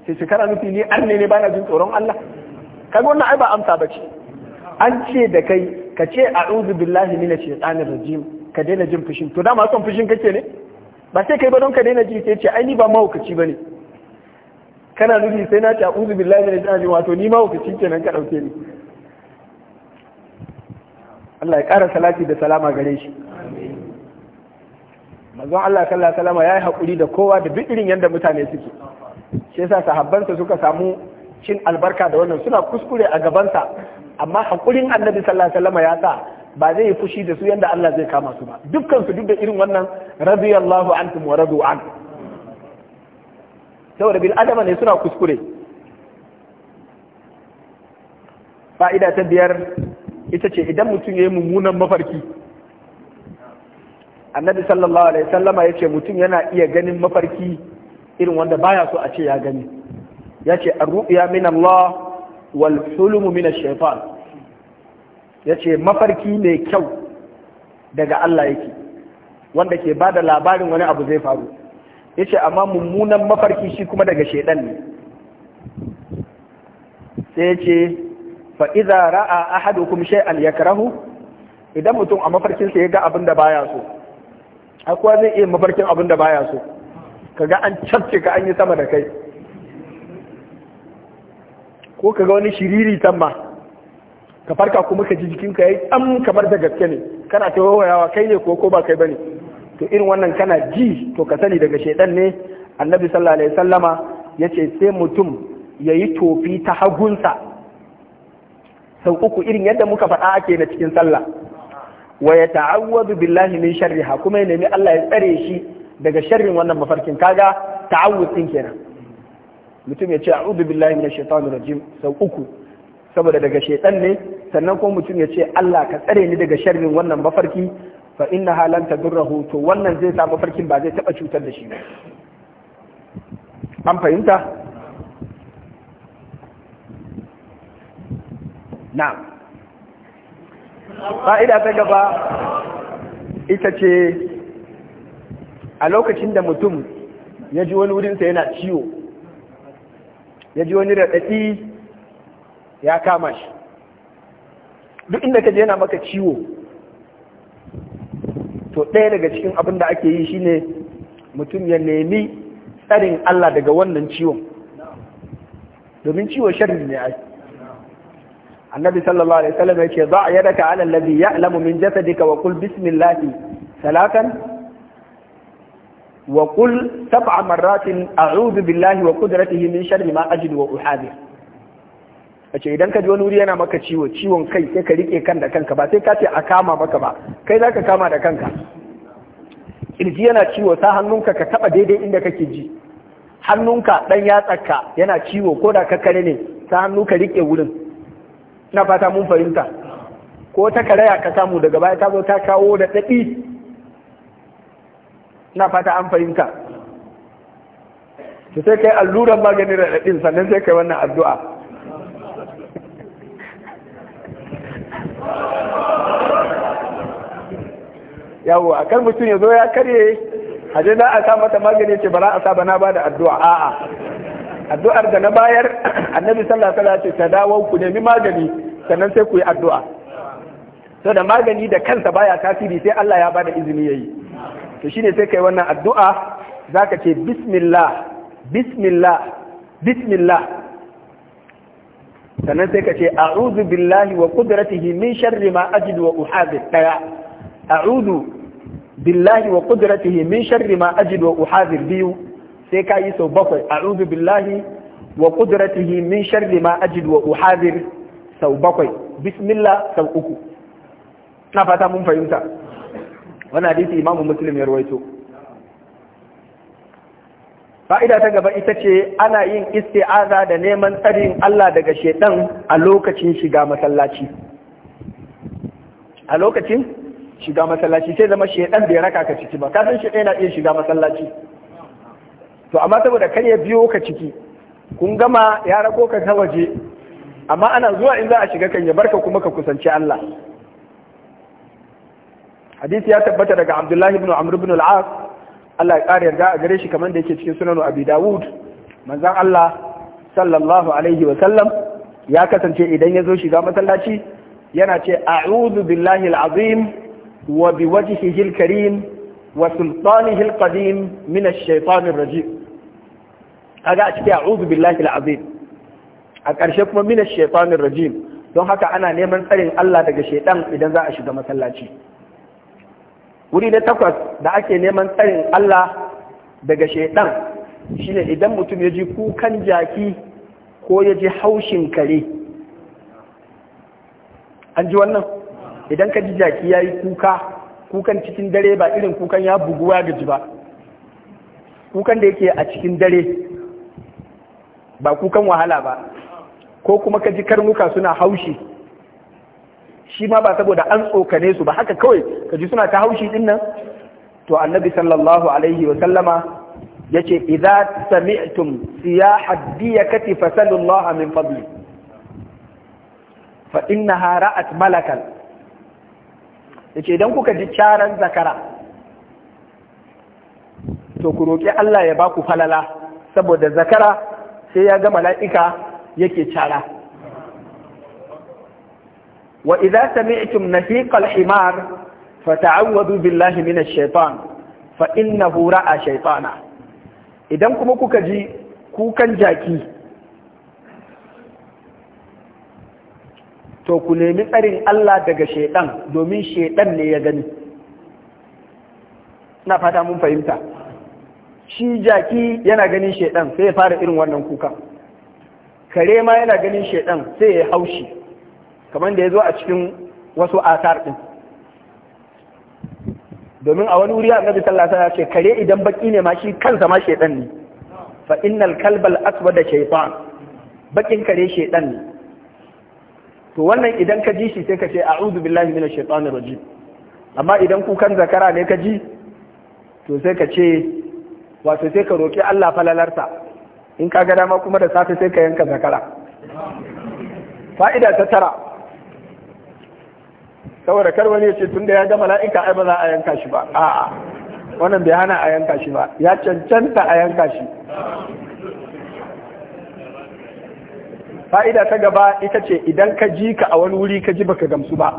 Speaker 1: sai shekara nufi ni arne ne bana jin tsoron Allah kaga wannan ai ba amsa ba an ce da kai ka ce a a'udhu billahi minash da rajim ka daina jin fushin to dama son fushin kake ne ba sai kai ba don ka daina ji sai ce ai ni ba mahaukaci ne. kana nufi sai na ce a a'udhu billahi minash da jim wato ni mahaukaci kenan ka ɗauke ni Allah ya ƙara salati da salama gare shi manzon Allah sallallahu alaihi wasallam yayi hakuri da kowa da duk irin yanda mutane suke shi yasa sahabbansa suka samu cin albarka da wannan suna kuskure a gabansa amma hakurin annabi sallallahu alaihi wasallam ya sa ba zai yi fushi da su yanda Allah zai kama su ba dukkan su duk da irin wannan radiyallahu anhum wa radu an saboda bil adama ne suna kuskure fa'ida ta biyar ita ce idan mutum ya yi mummunan mafarki annabi sallallahu alaihi sallama ya ce mutum yana iya ganin mafarki irin wanda baya so a ce ya gani ya ce arru'ya min Allah wal hulmu min ash-shaytan yace mafarki mai kyau daga Allah yake wanda ke bada labarin wani abu zai faru yace amma mummunan mafarki shi kuma daga shaidan ne sai yace fa idza ra'a ahadukum shay'an yakrahu idan mutum a mafarkinsa ya ga abin da baya so akwai zai iya mafarkin abin da baya so kaga an cafke ka an yi sama da kai ko ka ga wani shiriri tamma ka farka kuma ka ji jikinka yayi am kamar da gaske ne kana ta wawayawa kai ne ko ko ba kai bane to irin wannan kana ji to ka sani daga shedan ne annabi sallallahu alaihi wasallama yace sai mutum yayi tofi ta hagunsa sau uku irin yadda muka faɗa ake na cikin sallah wa ya ta'awwadu billahi min sharriha kuma ya nemi Allah ya tsare shi daga sharrin wannan mafarkin kaga ta'awuz din kenan mutum ya ce a'udhu billahi minash da rajim sau uku saboda daga shaitan ne sannan ko mutum ya ce Allah ka tsare ni daga sharrin wannan mafarki fa inna halan tadurruhu to wannan zai sa mafarkin ba zai taba cutar da shi ba an fahimta na'am
Speaker 2: fa'ida ta gaba
Speaker 1: ita ce a lokacin da mutum ya ji wani wurinsa yana ciwo ya ji wani raɗaɗi ya kama shi duk inda ka je yana maka ciwo to ɗaya daga cikin abin da ake yi shine mutum ya nemi tsarin Allah daga wannan ciwon domin ciwo sharri ne ai annabi sallallahu alaihi wasallam ya ce za a yadaka ala alladhi ya'lamu min jasadika wa qul bismillah salatan وقل سبع مرات marratin بالله وقدرته من شر ما sharri ma idan ka ji wani wuri yana maka ciwo ciwon kai sai ka rike kan da kanka ba sai ka ce a kama maka ba kai zaka kama da kanka kirji yana ciwo sa hannunka ka taba daidai inda kake ji hannunka dan ka yana ciwo ko da ka kare ne sa hannu ka rike wurin ina fata mun fahimta ko ta karaya ka samu daga baya ta zo ta kawo da dadi na fata an fahimta
Speaker 2: su sai kai alluran maganin raɗaɗin sannan sai kai wannan addu'a
Speaker 1: yawo a kan mutum ya zo ya karye a je za a sa mata magani ce ba za a sa ba na ba da addu'a a'a addu'ar da na bayar annabi sallallahu alaihi ta dawo ku nemi magani sannan sai ku yi addu'a to da magani da kansa baya tasiri sai Allah ya bada izini ya yi. to shine sai kai wannan addu'a za ka ce bismillah bismillah bismillah sannan sai ka ce a'udhu billahi wa qudratihi min sharri ma ajidu wa uhadir daya a'udhu billahi wa qudratihi min sharri ma ajidu wa uhadir biyu sai ka yi sau bakwai a'udhu billahi wa qudratihi min sharri ma ajidu wa uhadir sau bakwai bismillah sau uku na fata mun fahimta wani hadisi imamu muslim ya ruwaito fa'ida ta gaba ita ce ana yin isti'aza da neman tsarin Allah daga shedan a lokacin shiga masallaci a lokacin shiga masallaci sai zama shedan bai raka ka ciki ba kasan shedan yana iya shiga masallaci to amma saboda kar ya biyo ka ciki kun gama ya rako ka ta waje amma ana zuwa in za a shiga kan ya barka kuma ka kusanci Allah hadisi ya tabbata daga abdullahi ibn amr ibn al-as Allah ya kare yarda a gare shi kamar da yake cikin sunan abi dawud manzon Allah sallallahu alaihi wa sallam ya kasance idan ya zo shiga masallaci yana ce a'udhu billahi al-azim wa biwajhihi al-karim wa sultanihi al-qadim min ash-shaytan ar-rajim kaga a cike a'udhu billahi al-azim a ƙarshe kuma min ash-shaytan ar-rajim don haka ana neman tsarin Allah daga shaidan idan za a shiga masallaci wuri na takwas da ake neman tsarin Allah daga shaidan shine idan mutum ya ji kukan jaki ko ya ji haushin kare an ji wannan idan ka ji jaki ya yi kuka kukan cikin dare ba irin kukan ya buguwa gaji ba kukan da yake a cikin dare ba kukan wahala ba ko kuma ka ji karnuka suna haushi shi ma ba saboda an tsokane su ba haka kawai ka ji suna ta haushi din nan to annabi sallallahu alaihi wa sallama yace idza sami'tum siyaha diyakati fasalu Allah min fadli fa innaha ra'at malakan yace idan kuka ji caran zakara to ku roki Allah ya baku falala saboda zakara sai ya ga mala'ika yake cara wa idza sami'tum nahiqal himar fata'awwadu billahi minash shaitan fa innahu ra'a shaytana idan kuma kuka ji kukan jaki to ku nemi tsarin Allah daga Shaidan domin Shaidan ne ya gani na fata mun fahimta shi jaki yana ganin Shaidan sai ya fara irin wannan kuka kare ma yana ganin Shaidan sai ya haushi kamar da ya zo a cikin wasu asar ɗin domin a wani wuri annabi sallallahu alaihi wasallam ya ce kare idan baki ne ma shi kansa ma shedan ne fa innal kalbal aswada shaytan bakin kare shedan ne to wannan idan ka ji shi sai ka ce a'udhu billahi minash shaitanir rajim amma idan kukan zakara ne ka ji to sai ka ce wato sai ka roƙi Allah falalarsa in ka ga dama kuma da safe sai ka yanka zakara fa'ida ta tara saboda kar wani ya ce tun da ya ga mala'ika ai ba za a yanka shi ba a'a wannan bai hana a yanka shi ba ya cancanta a yanka shi fa'ida ta gaba ita ce idan ka ji ka a wani wuri ka ji baka gamsu ba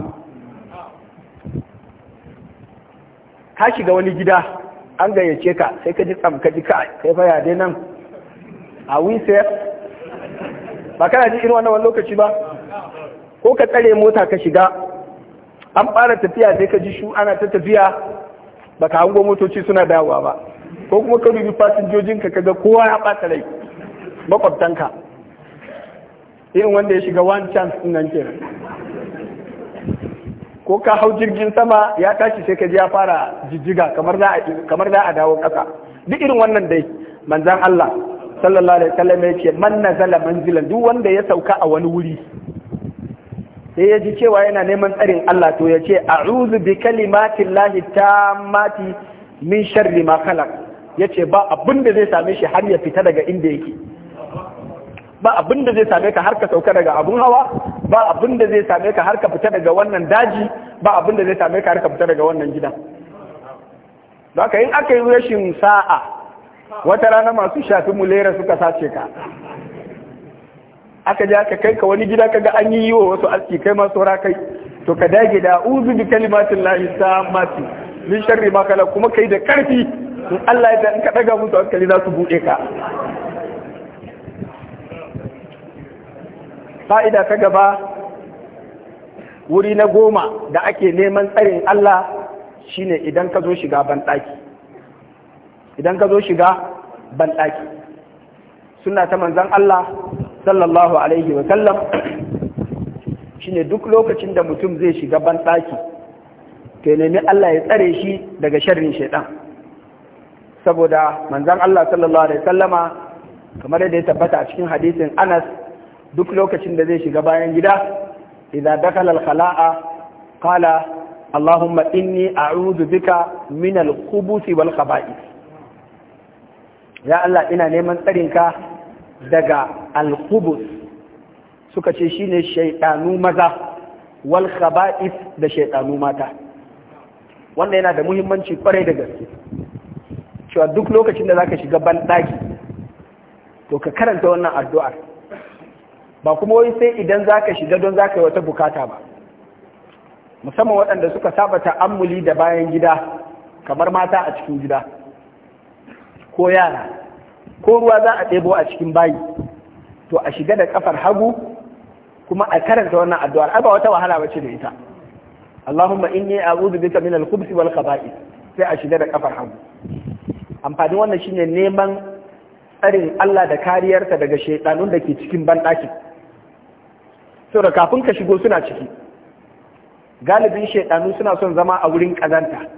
Speaker 1: ka shiga wani gida an gayyace ka sai ka ji tsam ka ji ka kai fa ya dai nan a wise ba kana ji irin wannan lokaci ba ko ka tsare mota ka shiga an fara tafiya sai ka ji shu ana ta tafiya ba ka hango motoci suna dawowa ba ko kuma ka dubi fasinjojin ka kaga kowa ya bata rai makwabtanka irin wanda ya shiga one chance din nan kenan ko ka hau jirgin sama ya tashi sai ka ji ya fara jijjiga kamar za a kamar za a dawo kasa duk irin wannan dai manzon Allah sallallahu alaihi wasallam yake man nazala manzilan duk wanda ya sauka a wani wuri sai ya ji cewa yana neman tsarin Allah to ya ce a ruzu bi kalimatin lahi ta mati min sharri ma ya ce ba abin da zai same shi har ya fita daga inda yake ba abin da zai same ka har ka sauka daga abun hawa ba abin da zai same ka har ka fita daga wannan daji ba abin da zai same ka har ka fita daga wannan gidan ka in aka yi rashin sa'a wata rana masu shafi mulera suka sace ka aka ja aka kai ka wani gida kaga an yi wa wasu aski kai ma saura kai to ka dage da uzu bi kalimatin lahi samati min sharri ma kala kuma kai da karfi in Allah ya in ka daga musu hankali za su bude ka fa'ida ta gaba wuri na goma da ake neman tsarin Allah shine idan ka zo shiga banɗaki idan ka zo shiga banɗaki suna ta manzan Allah sallallahu alaihi wa sallam shine duk lokacin da mutum zai shiga banɗaki ke nemi Allah ya tsare shi daga sharrin shaidan saboda manzan Allah sallallahu alaihi wa sallama kamar yadda ya tabbata a cikin hadisin Anas duk lokacin da zai shiga bayan gida idza dakhala al-khala'a qala Allahumma inni a'udhu bika min al-khubuthi wal khaba'ith ya Allah ina neman tsarin ka daga alkubus suka ce shine shaiɗanu maza wal khaba'is da shaiɗanu mata wannan yana da muhimmanci kwarai da gaske cewa duk lokacin da zaka shiga banɗaki to ka karanta wannan addu'ar ba kuma wai sai idan zaka shiga don zaka yi wata bukata ba musamman waɗanda suka saba ta'ammuli da bayan gida kamar mata a cikin gida ko yara ko ruwa za a ɗebo a cikin bayi to a shiga da kafar hagu kuma a karanta wannan addu'ar ai ba wata wahala bace da ita Allahumma inni a'udhu bika min al-khubuthi wal khaba'ith sai a shiga da kafar hagu amfanin wannan shine neman tsarin Allah da kariyarsa daga shaidanun da ke cikin banɗakin so da kafin ka shigo suna ciki galibin shaidanu suna son zama a wurin ƙazanta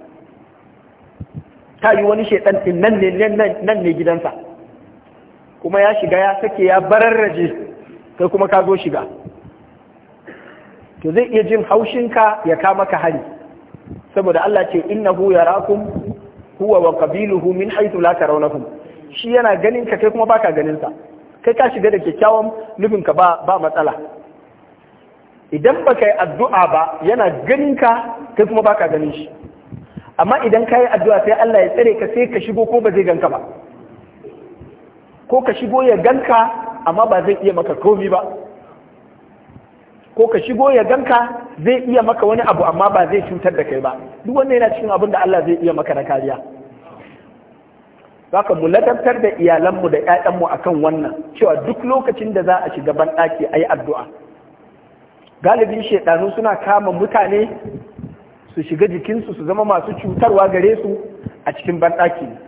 Speaker 1: ta yi wani shaidan ɗin nan ne gidansa kuma ya shiga ya sake ya bararraje kai kuma ka zo shiga to zai iya jin haushinka ya kama ka hari saboda Allah ce innahu yarakum huwa wa qabiluhu min haythu la tarawnahum shi yana ganin ka kai kuma baka ganin sa kai ka shiga da kyakkyawan nufin ka ba ba matsala idan baka yi addu'a ba yana ganin ka kai kuma baka ganin shi amma idan ka yi addu'a sai Allah ya tsare ka sai ka shigo ko ba zai ganka ba ko ka shigo ya ganka amma ba zai iya maka komi ba ko ka shigo ya ganka zai iya maka wani abu amma ba zai cutar da kai ba duk wanda yana cikin abin da Allah zai iya maka na kariya zaka mu ladabtar da iyalanmu da ƴaƴanmu akan wannan cewa duk lokacin da za a shiga ban ɗaki yi addu'a galibin shaidanu suna kama mutane su shiga jikinsu su zama masu cutarwa gare su a cikin banɗaki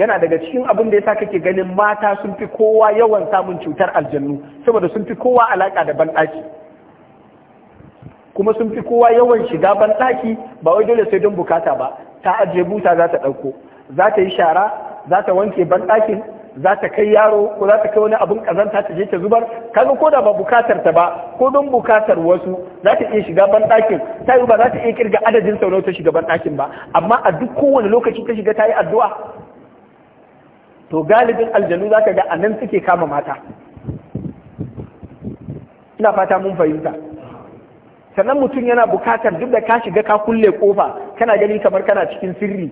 Speaker 1: yana daga cikin abin da ya sa kake ganin mata sun fi kowa yawan samun cutar aljannu saboda sun fi kowa alaƙa da banɗaki kuma sun fi kowa yawan shiga banɗaki ba wai dole sai don bukata ba ta ajiye buta za ta ɗauko za ta yi shara za ta wanke banɗakin za ta kai yaro ko za ta kai wani abin kazanta ta je ta zubar kaga ko da ba bukatar ta ba ko don bukatar wasu za ta iya shiga banɗakin ta yi ba za ta iya kirga adadin sau ta shiga banɗakin ba amma a duk kowane lokaci ta shiga ta yi addu'a to galibin aljanu za ka ga a nan suke kama mata ina fata mun fahimta sannan mutum yana bukatar duk da ka shiga ka kulle kofa kana gani kamar kana cikin sirri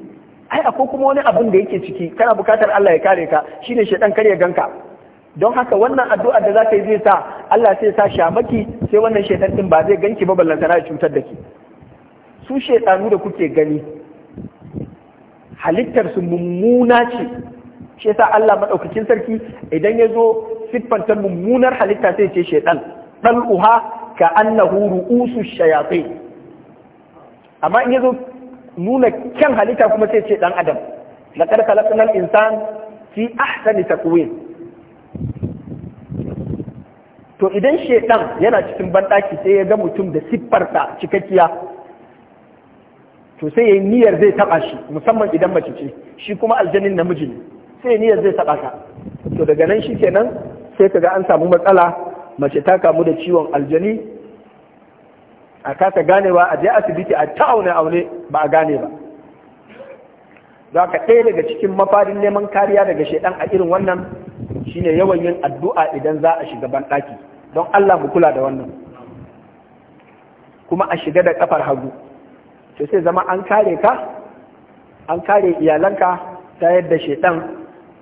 Speaker 1: ai akwai kuma wani abin da yake ciki kana bukatar Allah ya kare ka shine shedan kar ya ganka don haka wannan addu'a da za ka yi zai sa Allah sai sa shamaki sai wannan shedan din ba zai ganki ba ballantana ya cutar da ki su shedanu da kuke gani halittar su mummuna ce shi yasa Allah madaukakin sarki idan ya zo siffanta mummunar halitta sai ce shaitan dan uha ka annahu ru'usu shayatin amma in yazo nuna kyan halitta kuma sai ce dan adam laqad khalaqnal insan fi ahsani taqwim to idan shaitan yana cikin banɗaki sai ya ga mutum da siffarsa cikakkiya to sai ya yi niyyar zai taɓa shi musamman idan mace ce shi kuma aljanin namiji ne sai niyyar zai taɓa ka to daga nan shi kenan sai kaga an samu matsala mace ta kamu da ciwon aljani a kasa ganewa a je asibiti a ta aune aune ba a gane ba za ka ɗaya daga cikin mafarin neman kariya daga shaidan a irin wannan shine yawan yin addu'a idan za a shiga banɗaki don Allah mu kula da wannan kuma a shiga da kafar hagu to sai zama an kare ka an kare iyalanka ta yadda shaidan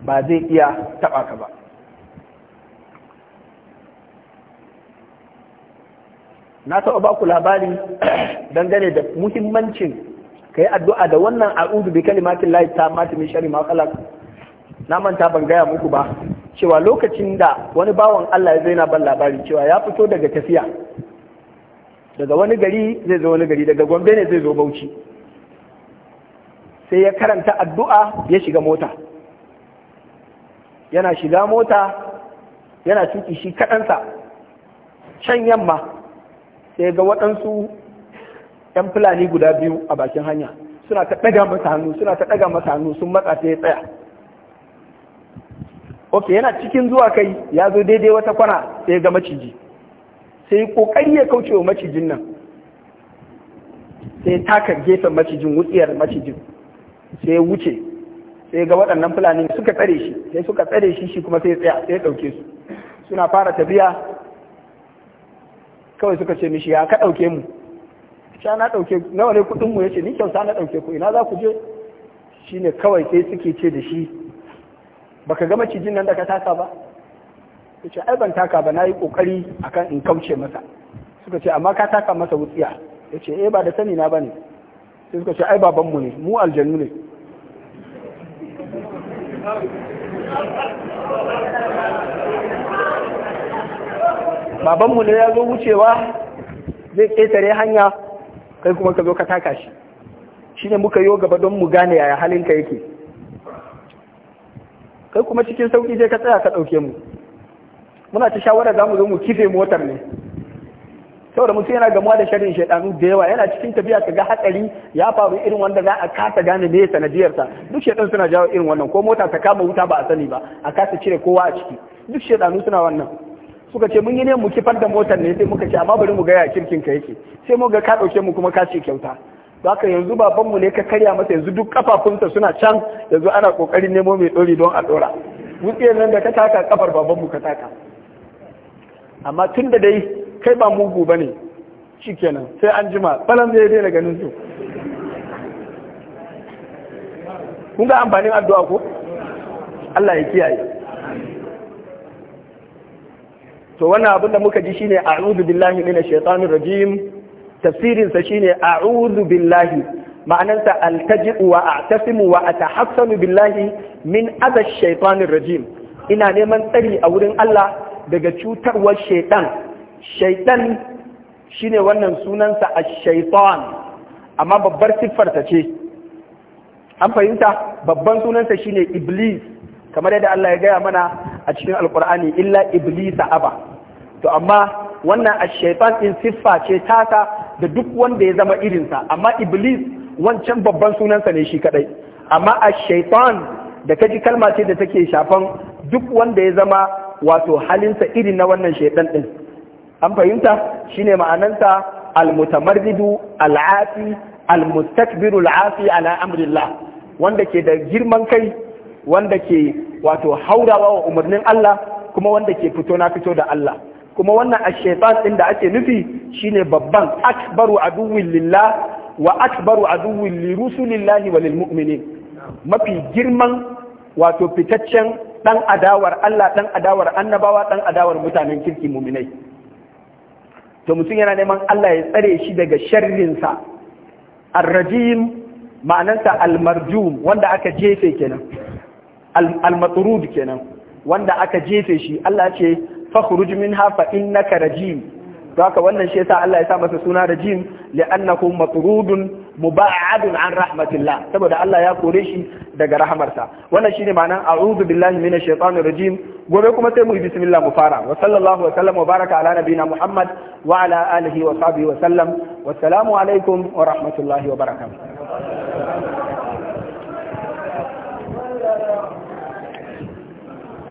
Speaker 1: ba zai iya taɓa ka ba na taba ba ku labari dangane da muhimmancin ka yi addu'a da wannan a'udu bi kalimatin layi ta mati min shari makalak na manta ban gaya muku ba cewa lokacin da wani bawan Allah ya zai na ban labari cewa ya fito daga tafiya daga wani gari zai zo wani gari daga gombe ne zai zo bauchi sai ya karanta addu'a ya shiga mota yana shiga mota yana tuki shi kaɗansa can yamma sai ga waɗansu 'yan fulani guda biyu a bakin hanya suna ta ɗaga masa hannu suna ta ɗaga masa hannu sun matsa ta ya tsaya ok yana cikin zuwa kai ya zo daidai wata kwana sai ga maciji sai kokari ya kauce wa macijin nan sai taka gefen macijin wutsiyar macijin sai wuce sai ga waɗannan fulani suka tsare shi sai suka tsare shi shi kuma sai tsaya sai ɗauke su suna fara tafiya kawai suka ce mishi ya ka ɗauke mu sha na ɗauke nawa ne kuɗin mu ce ni kyauta na ɗauke ku ina za ku je shi ne kawai sai suke ce da shi baka ga macijin nan da ka taka ba ce ai ban taka ba na yi kokari akan in kauce masa suka ce amma ka taka masa wutsiya ce eh ba da sani na ne sai suka ce ai baban mu ne mu aljanu ne
Speaker 2: babanmu ne ya zo wucewa
Speaker 1: zai ƙetare hanya kai kuma ka zo ka taka shi shi ne muka yo gaba don mu gane yaya halinka yake kai kuma cikin sauƙi je ka tsaya ka ɗauke mu muna ta shawara za mu zo mu kife motar ne saboda mutum yana gamuwa da sharrin shaidanu da yawa yana cikin tafiya ga hatsari ya faru irin wanda za a kasa gane me sanadiyarsa duk shaidan suna jawo irin wannan ko mota ta kama wuta ba a sani ba a kasa cire kowa a ciki duk shaidanu suna wannan suka ce mun yi ne mu kifar da motar ne sai muka ce amma bari mu gaya ya kirkin ka yake sai mu ga ka dauke mu kuma ka ce kyauta haka yanzu babanmu ne ka karya masa yanzu duk kafafunsa suna can yanzu ana kokarin nemo mai dori don a dora wutsiyar nan da ka taka kafar mu ka taka amma tun da dai kai ba mugu ba ne kenan sai an jima balan zai daina ganin su kun ga amfanin addu'a ko Allah ya kiyaye to wannan abin da muka ji shine a'udhu billahi minash shaitanir rajim tafsirin sa shine a'udhu billahi sa altaji'u wa a'tasimu wa atahassanu billahi min adash shaitanir rajim ina neman tsari a wurin Allah daga cutarwar shaitan shaitan shine wannan sunansa a shaitan amma babbar siffarta ce an fahimta babban sunansa shine iblis kamar yadda Allah ya gaya mana a cikin alkur'ani illa iblis aba to amma wannan a shaitan din siffa ce tasa da duk wanda ya zama irinsa amma iblis wancan babban sunansa ne shi kadai amma a shaitan da kaji kalma ce da take shafan duk wanda ya zama wato halinsa irin na wannan shaitan ɗin. an fahimta shine ma'ananta almutamarridu al'afi almustakbiru al'afi ala amrillah wanda ke da girman kai wanda ke wato haurawa wa umarnin Allah kuma wanda ke fito na fito da Allah kuma wannan ashaitan din da ake nufi shine babban akbaru aduwwin lillah wa akbaru aduwwin lirusulillahi wa lilmu'minin mafi girman wato fitaccen dan adawar Allah dan adawar annabawa dan adawar mutanen kirki muminai to mutum yana neman Allah ya tsare shi daga sharrinsa arrajim ma'anansa almarjum wanda aka jefe kenan almatrud kenan wanda aka jefe shi Allah ce fakhruj hafa fa innaka rajim to haka wannan shi ya sa Allah ya sa masa suna rajim li'annahu matrudun muba'adun an rahmatillah saboda Allah ya kore shi daga rahamarsa wannan shine ma'anar a'udhu billahi minash shaitanir rajim gobe kuma sai mu yi bismillah mu fara wa sallallahu wa sallam wa baraka ala nabina muhammad wa ala alihi wa sahbihi wa sallam wassalamu alaikum wa rahmatullahi wa
Speaker 2: barakatuh